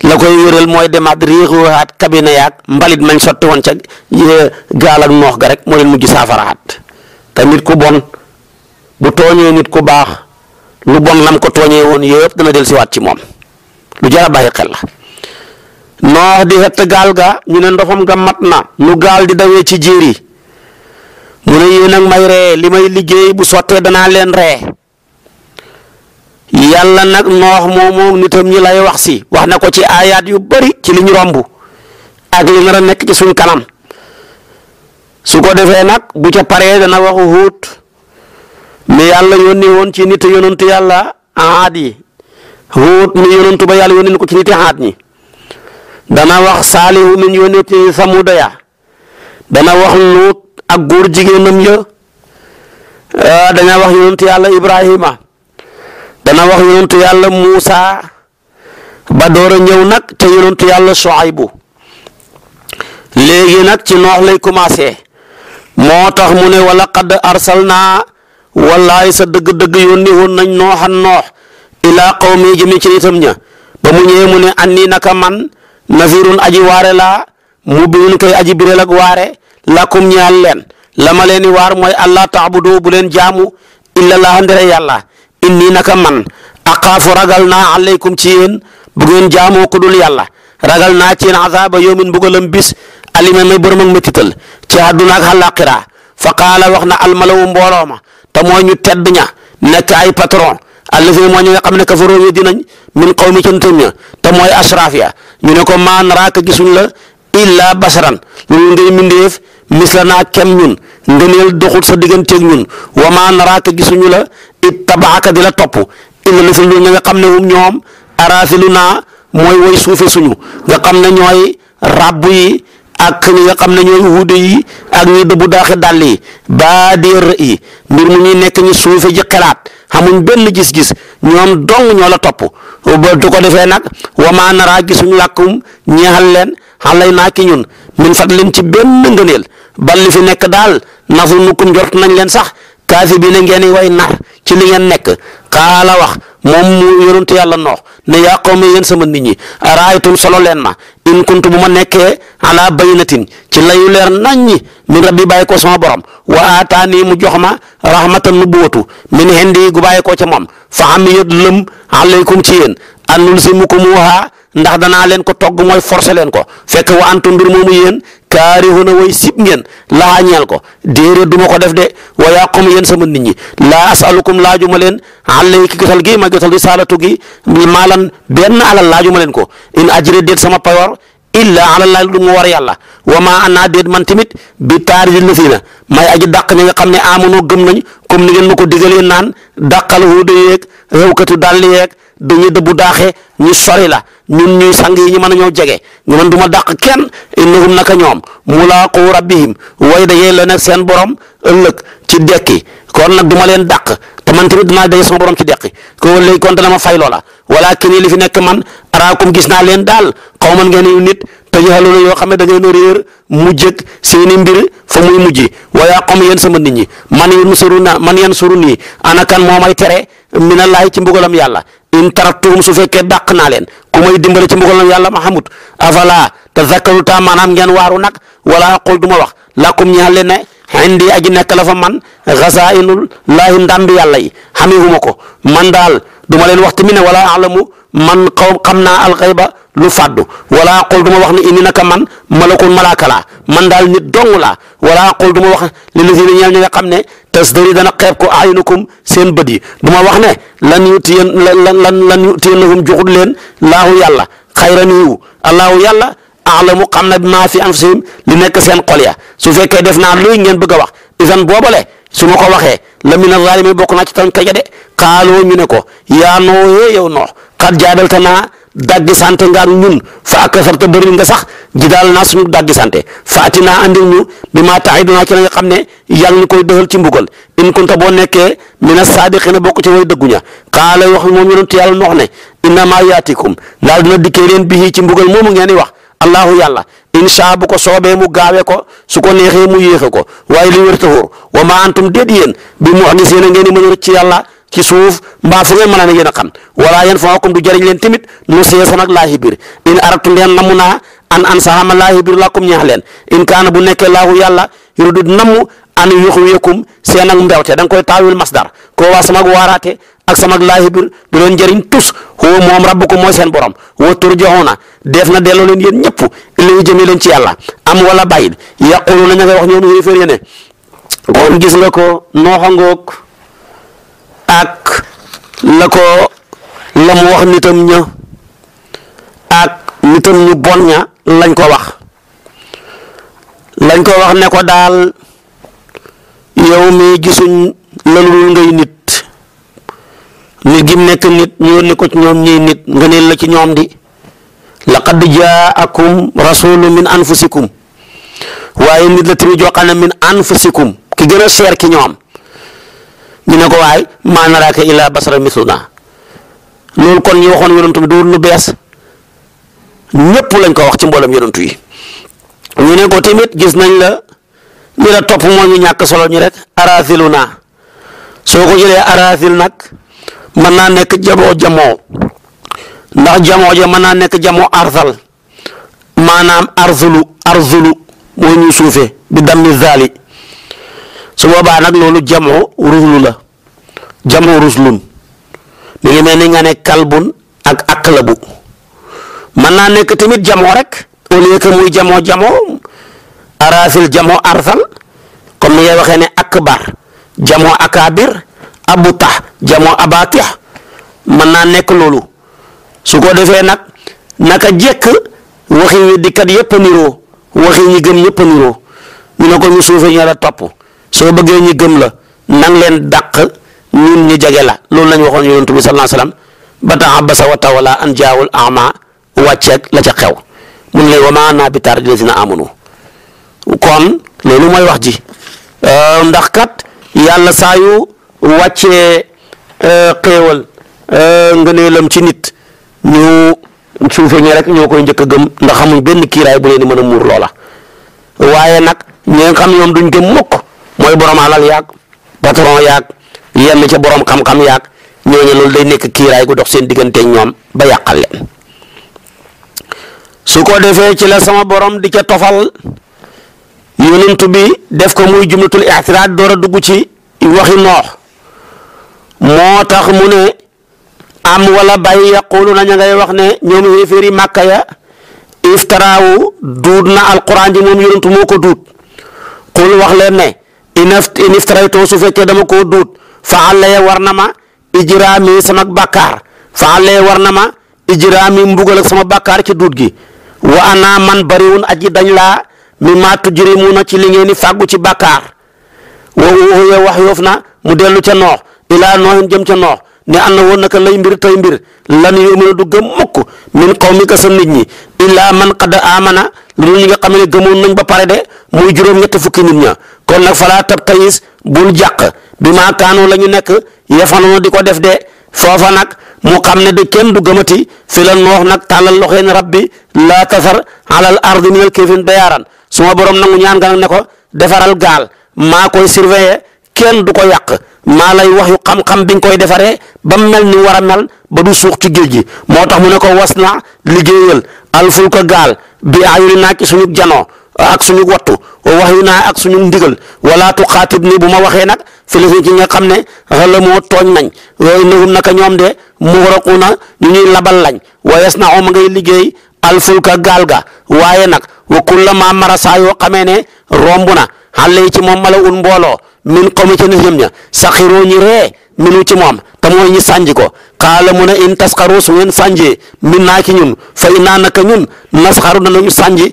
la koy wéral mooy demaat réexoowaat kabina yaag mbalit mañ sotti woon ca gaal ak noox ga rek moo leen mujj saafaraat te nit ku bon bu tooñee nit ku baax lu bon lam ko tooñee woon yëpp dana del siwaat ci moom lu jar a bàyyi xel la noox di xett gaal ga ñu ne ndofam ga mat na nu gaal di dawee ci jéeri mu ne yéen ak may ree li may liggéey bu sottee danaa leen ree yàlla nag noox moomu nitam ñi lay wax si wax na ko ci aayaat yu bari ci li ñu romb ak li nar a nekk ci suñ kanam su ko defee nag bu ca paree dana waxu huut mi yàlla yónni woon ci nit yonantu yàlla yi huut yàlla yónni ko ci nit aad ñi dana wax saalihu min yónni ci samuda ya dana wax luut ak góor jigéenam ya ah, dana wax yonantu yàlla ibrahima dana wax yonentu yàlla Muusa ba door a ñëw nag ca yonentu yàlla Suaybu léegi nag ci noox lay commencé moo tax mu ne wala qad arsalnaa wallaay sa dëgg-dëgg yónni woon nañ nooxan noox ilaa qawmi jëmi ci nitam ña ba mu ñëwee mu ne anni naka man nazirun aji waare laa mubinun koy aji biral ak waare lakum ñaal leen la ma leen di waar mooy allah taabudu bu leen jaamu illa laa ndere yàlla inni naka man a aqaafu ragal naa alaykum ci yéen bu ngeen jaamoo ku dul yàlla ragal naa ci yéen azaaba yawmin mbugalam bis alima may borom ak métital ci àdduna ak àllaaxira fa qaala wax na almalawu mbooloo ma te mooy ñu tedd ña nekk ay patron allazina mooy ñi nga xam ne kafaroo dinañ min qawmi cantam ya te mooy asraaf ya ñu ne ko maan gisuñ la illa basaran lu ngay mindeef misla naa kem ñun ngëneel doxul sa digganteeg ñun wamaa naraaka gisuñu la it tabaaka di la topp illa la si lu nga xam ne hum ñoom araasilu naa mooy woy suufe suñu nga xam ne ñooy ràbb yi ak nga xam ne ñooy wuude yi ak ñi dëbbu daaxi dàll yi baa dee rë yi mbir mu ñuy nekk ñu suufe ji xelaat xamuñ benn gis-gis ñoom dong ñoo la topp ba du ko defee nag wamaa naraa gisuñu làkkum ñeexal leen xalay naa ki ñun min fat leen ci benn ngëneel bal li fi nekk daal nafu nukkum jort nañ leen sax kaafi bi na ngeen way nar ci li ngeen nekk xaala wax moom mu yonentu yàlla noox ne yaa qawmi yéen sama nit ñi araaytum solo leen ma in kuntu bu ma nekkee ala baynatin ci layu leer nañ ñi min rabbi bàyyi ko sama borom wa aataani mu jox ma ta rahmatan nubuwatu min hindi gu bàyyi ko ca moom fa amiyat lëm alaykum ci yéen an nulzimukumuha ndax danaa leen ko togg mooy forcer leen ko fekk wa antum mbir moomu yéen kaarihuna way sib ngeen laa ñeel ko déedéet du ma ko def de wa yaa qawmi yéen sama nit ñi laa asalukum laajuma leen alay ki jotal gi ma jotal risaalatu gi maalan benn alal laajuma leen ko in ajri déet sama payoor illa ala laahi lu mu war yàlla wa ma ana déet man tamit bi taari di fii na may aji daq ñi nga xam ne amonoo gëm nañ comme ni ngeen ma ko digalee naan dàqal huuda yeeg réewkatu dàll yeeg dañuy dëbbu daaxe ñu sori la ñun ñuy sang yi ñu man a ñoo jege ñu man du ma kenn kenn innahum naka ñoom mulaaqu rabbihim way dajee la nag seen borom ëllëg ci dekki kon nag du ma leen dàq te man tamit dinaa daje sama borom ci dekki ko léegi kon dana ma fay loola li fi nekk man araakum gis naa leen daal xaw man ngeen yu nit te yoo xam ne da ngeen a réer mujjëg seeni mbir fa muy mujji waaye xom yéen sama nit ñi man yéen suru na man yéen suru nii anakan moo may tere mina laay ci mbugalam yàlla in taratuhum su fekkee dàq naa leen ku may dimbale ci mbugalam yàlla ma xamut afala tazakkaru ta maanaam ngeen waaru nag wala qul duma wax lakum ñaal leen ne indi aji nekk la fa man xasaa'inul laahi ndàmbi yàlla yi xamewuma ko man daal duma leen waxti mi ne wala alamu man xaw xam naa alxayba lu fàddu wala qul duma wax ne ini naka man malakul malaaka laa man daal nit dong laa wala aqul du ma wax li la si ñi nga xam ne tasdari dana xeeb ko ayunukum seen bët yi du ma wax ne lan yutiyan lan lan lan yutiyannahum joxut leen laahu yàlla xayran yiw allahu yàlla aalamu xam na maa fi anfusihim li nekk seen xol ya su fekkee def naa luy ngeen bëgg a wax isan boobale su ma ko waxee la mina zaalimi bokk naa ci tooñ kaja de xaaloo ñu ne ko yaa nooyee yow noox xat jaadalta naa daggi sante nga ñun fa akafarta bëri nga sax ji daal naa suñu daggi sante faati naa andil ñu bi maa taxidunaa ci la nga xam ne yàlla ñu koy dëxal ci mbugal in kunta boo nekkee mina saadiqina bokk ci way dëgguña xaala wax moom yonent yàlla noox ne innamaa yaatikum daal dina dikkee leen bii ci mbugal moomu ngeen di wax allahu yàlla incha bu ko soobee mu gaawee ko su ko neexee mu yéexe ko waaye li wér te wóor wa ma antum déet yéen bi mu wax gis ci suuf mbaa fu ngeen mën a ne yéen a xam wala yan faakum du jëriñ leen tamit nu seesu nag laahi biir in aratu ndeen namu naa an an saxama laahi biir lakum ñaax leen in kaana bu nekkee laahu yàlla yuridu namu an yuxwiyakum seen ak mbewte da nga koy taawil masdar koo waa samag waaraate ak samag laahi biir du leen jëriñ tus huwa moom rabbukum mooy seen borom wa turjaxuuna def na delloo leen yéen ñëpp ilayhi jëmee leen ci yàlla am wala bàyyil yaqulu na ña ngay wax ñoom yéeféer yéene ak la ko la mu wax nitam ña ak nitam ñu bon ña lañ ko wax lañ ko wax ne ko daal yow mi gisuñ lalul ngay nit nit gim nekk nit ñu yónni ko ci ñoom ñuy nit nga neen la ci ñoom di laqad jaakum rasulun min anfusikum waaye nit la tamit joo xam ne min ki gën a seer ki ñoom ñu ne ko waay maa naraaka illaa basara misluna loolu kon ñu waxoon yonantu bi du nu bees ñëpp lañ ko wax ci mboolem yonantu yi ñu ne ko tamit gis nañ la ñi la topp moo ñu ñàkk solo ñu rek araasilu naa soo ko jëlee araasil nag mën naa nekk jamoo jamoo ndax jamoo ja mën naa nekk jamoo arsal maanaam arzulu arzulu moo ñuy suufe bi dammi zaali su boobaa nag loolu jamoo ruslu la jamoo ruslun mi ngi mel ni nga ne kalbun ak aklabu mën naa nekk tamit jamoo rek au lieu muy jamoo jamoo arasil jamoo arsal comme ni ngay waxee ne akbar jamoo akabir abuta jamoo abaatia mën naa nekk loolu su ko defee nag naka jëkk waxi weddikat yëpp a niroo waxi ñi gëm yëpp ne ko ñu suufee ñu topp soo bëggee ñi gëm la nang leen dàq ñun ñu jege la loolu lañ waxoon yonent bi sallallahu alayhi wasallam ba tax abasa wa tawala an jaawul ama wàcceeg la ca xew mun lay wama naa di taar si na amanu kon loolu mooy wax ji euh, ndax kat yàlla saa yu wàccee euh, xéewal euh, ngëneelam ci nit ñu suufe ñi rek ñoo koy njëkk a gëm ndax xamuñ benn kiiraay bu leen di mën a muur loola waaye nag ñi xam ñoom duñ gëm mukk mooy borom alal yaag patron yaag yenn ca borom xam-xam yaag ñooñu loolu day nekk kiiraay gu dox seen diggante ñoom ba yàqal su ko defee ci la sama borom di ca tofal yonent bi def ko muy jumlatul i'tiraad door a dugg ci waxi noox moo tax mu ne am wala bàyyi yaqulu na ña ngay wax ne ñoom yéeféeri màkka ya iftaraawu duut na alquran ji moom yonent moo ko duut qul wax leen ne inaft iniftarayton su fekkee dama ko duut fa àllaye war na ma ijraami sama bàkkaar fa àllaye war na ma ijraami mbugal ak sama bàkkaar ci duut gi wa ana man bariwun aji dañ laa mi maa tujrimuuna ci li ngeen di fàggu ci bàkkaar wa uhuya wax yoof na mu dellu ca noox ilaa nooxin jëm ca noox ne ànd woon naka lay mbir tey mbir lan yoo mën a du gëm mukk min qawmika sa nit ñi illaa man qad amana loolu ñi nga xam ne gëmoon nañ ba pare de muy juróom-ñetti fukki nit ña kon nag falaa tabtayis bul jàq bi maa kaanu la ñu nekk yafanoona di ko def de foofa nag mu xam ne de kenn du gëmati fi la noox nag tàllal loxeen rabbi laa tasar alal ardi minal kaafiriina dayyaaran suma borom nangu ñaan nga nag ne ko defaral gaal maa koy surveiller kenn du ko yàq maa lay wax yu xam-xam bi nga koy defaree ba mel ni war a mel ba du suux ci géej gi moo tax mu ne ko was na liggéeyal alful ko gaal bi ayuni naa ci ak suñu wattu naa ak suñu ndigal wala tu xaatib ni bu ma waxee nag filisi ci nga xam ne xala moo nañ innahum naka ñoom de ñu ñuy labal lañ wayes na ooma liggéey alfulka gaal ga waaye nag wa kulla ma marasaa yoo xamee ne romb na xale yi ci moom mala un mbooloo min xawmi ca ñoom ña saxiroo ñi ree minu ci moom te mooy ñi sànji ko xaala mu ne in tasxaru naa ci ñun fa inaa naka ñun nasxaru danañu sànji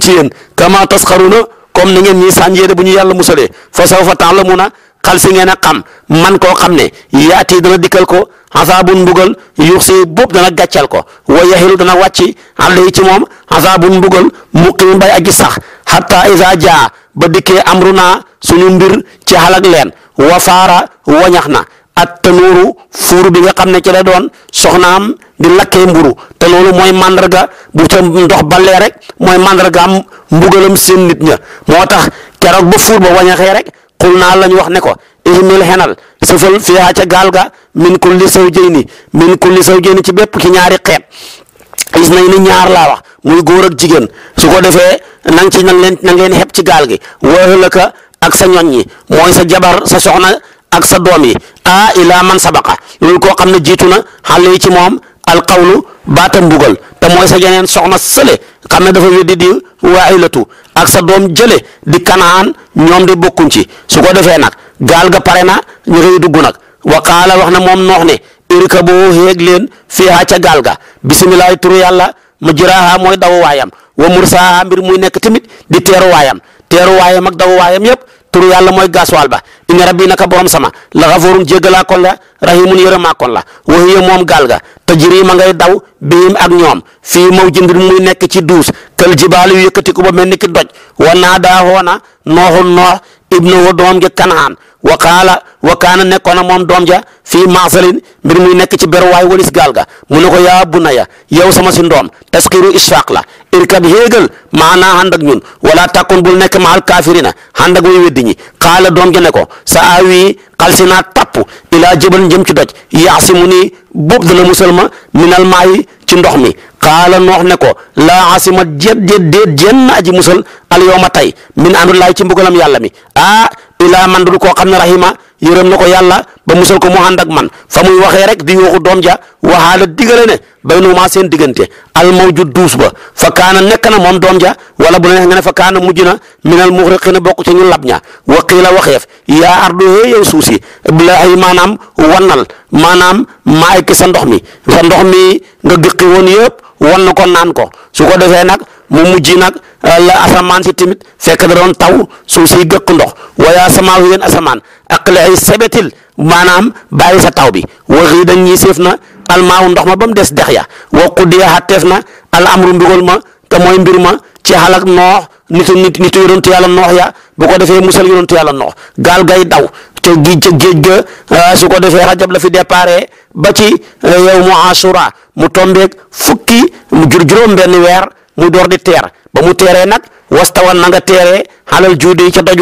ci yéen kama tasxaru na comme ni ngeen ñiy sànjee bu ñu yàlla musalee fa saw fa tax la mun a xal ngeen a xam man koo xam ne yaati dana dikkal ko asaabun mbugal yuux si boobu dana gàccal ko wa yaxilu dana wàcci àll yi ci moom asaabun mbugal muqim bay aji sax hatta isa jaa ba dikkee amruna suñu mbir ci leen wafaara wañax na ak tanuuru fuur bi nga xam ne ci doon soxnaam di lakkee mburu te loolu mooy màndarga bu ca ndox ballee rek mooy màndarga am mbugalam seen nit ña moo tax keroog ba fuur ba wañaxee rek xul naa lañ wax ne ko ihmil xenal sëfal fiihaa ca gaal ga min kulli sawjayni min kulli sawjayni ci bépp ci ñaari xeet is nay ni ñaar laa wax muy góor ak jigéen su ko defee nang ci nang leen nang leen xeb ci gaal gi waalaka ak sa ñoñ ñi mooy sa jabar sa soxna ak sa doom yi a ilaa man sabaqa loolu koo xam ne jiitu na xale yi ci moom alqawlu baata mbugal te mooy sa yeneen soxna sële xam ne dafa weddi di waailatu ak sa doom jële di kanaan ñoom di bokkuñ ci su ko defee nag gaal ga pare na ñu dugg nag wa wax na moom noox ne irkabu xéeg leen fiihaa ca gaal ga bisimilaay turu yàlla mu jiraaha mooy daw waayam wa mursaaha mbir muy nekk tamit di teeru waayam teeru waayam ak daw waayam yëpp tur yàlla mooy gaaswaal ba inna rabbi naka borom sama la xafurum jéggalaa kon la rahimun yërëmaa kon la wahiya moom gaal ga tajri ma ngay daw bihim ak ñoom fii maw ji mbir muy nekk ci duus kël jibaalu yëkkati ko ba mel ni ki doj wa naa daa hoona nooxun noox ibna wa doom ji kanaan wa qaala wa kaana nekkoon na moom doom ja fii maasalin mbir muy nekk ci beruwaay walis gaal ga mu ne ko yaa bunaya yow sama si ndoom taskiru ishfaaq la irkab héegal maanaa ànd ak ñun wala tàkkun bul nekk maal kaafirina ànd ak weddi ñi qaala doom ja ne ko sa aawi xalsi naa tapp ilaa jëbal ci doj yaasimu nii boob dana musalma minal maayi ci ndox mi qaala noox ne ko asima jet jet déet jenn aji musal al yawma tey min amrillahi ci mbugalam yàlla mi ah, ilaa man dul koo xam ne rahima yërëm na ko yàlla ba musal ko mu ànd ak man fa muy waxee rek di yuuxu doom ja waxaala digale ne baynumaa seen diggante al mawju duus ba fa kaana nekk na moom doom ja wala bu la neex nga ne fa kaana mujj na minal muxriqiina bokk ca ñu lab ña waqiila waxeef yaa ardu hee yow suuf si iblaahi maanaam wannal maanaam ma ki sa ndox mi sa ndox mi nga gëqi woon yëpp wan ko naan ko su ko defee nag mu mujj nag euh, la asamaan si tamit fekk da doon taw suuf siy gëkk ndox waya samaaw yéen asamaan ay sebetil maanaam bàyyi sa taw bi waxii dañ ñii séef na almaaw ndox ma ba des dex ya wa qudiya xatteef na al amru mbiral ma te mooy mbir ma ci xalak noox nitu nit nitu yonentu yàlla noox ya bu ko defee musal yonentu yàlla noox gaal gay daw ca géej géej ga euh, su ko defee rajab la fi déparé ba ci euh, yow mu asura mu tombeeg fukki mu jur juróom benn weer mu door di teer ba mu teeree nag wastawan na nga teeree xalal juudi yi ca doj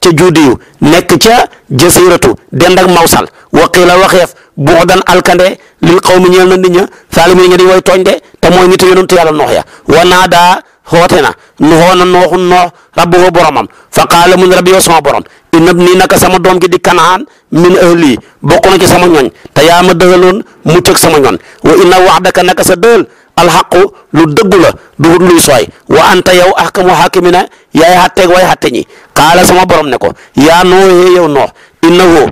ca juudi yu nekk ca jasiratu den ak mawsal waqiila waxeef buudan alkande lil xaw mi ñeel na nit ña saalimi ña di way tooñ de te mooy nit yonentu yàlla noox ya wa naa daa xoote na nu xoo na nooxu noox rabbuhu boromam fa qaala mun rabbi yow sama borom inab nii naka sama doom gi di kanaan min ahli bokk ci sama ñoñ te yaa ma dëgaloon mu tëg sama ñoñ wa inna waxdaka naka sa dël alxaqu lu dëggu la du luy sooy wa anta yow ahkamu haakimina yaay xatteeg way xatte ñi qaala sama borom ne ko yaa nooxee yow noox innahu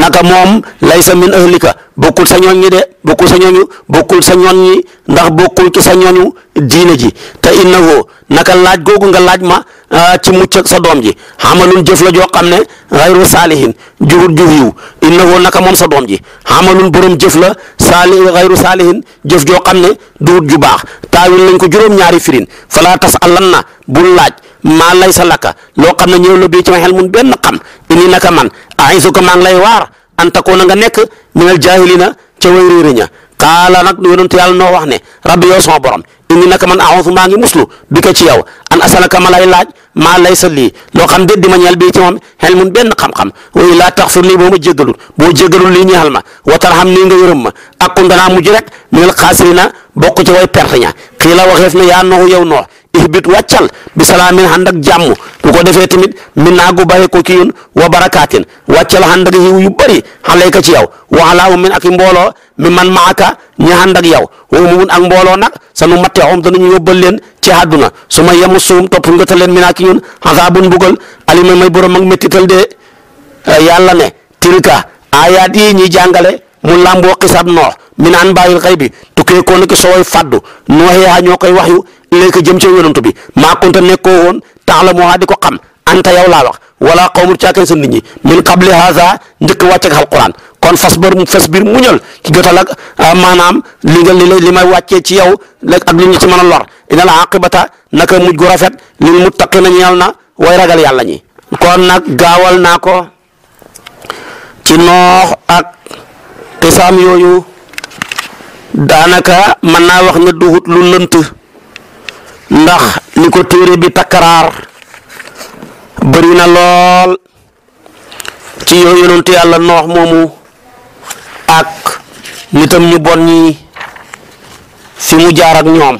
naka moom laysa min ahlika bokkul sa ñooñ ñi de bokkul sa ñooñu bokkul sa ñooñ ñi ndax bokkul ci sa ñooñu diine ji te innahu naka laaj googu nga laaj ma ah, ci mucc ak sa doom ji xamalun jëf la joo xam ne xayru saalihin juhut ju yiw innahu naka moom sa doom ji xamalun borom jëf la saali xayru saalihin jëf joo xam ne duhut ju baax taawil lañ ko juróom-ñaari firin fala tas allan na bul laaj maa lay sa lakka loo xam ne ñëw la bii ci ma xel mun benn xam ini naka man a'izuka maa ngi lay waar an takuuna nga nekk minal jaahiliina ca way réere ña qaala nag yonentu yàlla noo wax ne rabbi yow sama borom inni naka man a'uuzu maa ngi muslu bi ka ci yow an asalaka ma lay laaj maa lay sa lii loo xam déet ma ñeel bii ci moom xel mun benn xam-xam wayu laa taxfir lii boo ma jéggalul boo jéggalul lii ñeexal ma watarham nii nga yërëm ma akun danaa mujj rek minal xaasirina bokk ci way perte ña xii la waxeef ne yaa nooxu yow noox ihbit wàccal bi salaamin ànd ak jàmm bu ko defee tamit min naa gu bàyyi ko ci yun wa barakaatin wàccal ànd ak yiw yu bëri xalayka ci yow wa alaa min ak mbooloo mi man maaka ñi ànd ak yow wa umumun ak mbooloo nag sanu matte om danañu yóbbal leen ci àdduna su ma yemu suum topp nga ta leen mi naa ki ñun azaabun bugal alima may borom ak méttital de yàlla ne tilka aayaat yi ñi jàngale mu làmboo xisab noox min an bàyyil xëy bi tukkee koo ñoo koy wax ilayka jëm ca yonantu bi maa kunta nekkoo woon taalamuhaa di ko xam anta yow laa wax wala xawmul caakan sa nit ñi min qabli haza njëkk wàcc ak alquran kon fasbar fasbir muñal ci jotal ak ah, maanaam li nga li li may wàccee ci yaw yow ak li ñu ci mën a lor inal aqibata naka mujj gu rafet lil muttaqina ñeel na way ragal yàlla ñi kon nag gaawal naa ko ci noox ak xisaam yooyu daanaka mën naa wax ne duhut lu lënt ndax li ko téere bi takkaraar bari na lool ci yow yonentu yàlla noox moomu ak nitam ñu bon ñi fi mu jaar ak ñoom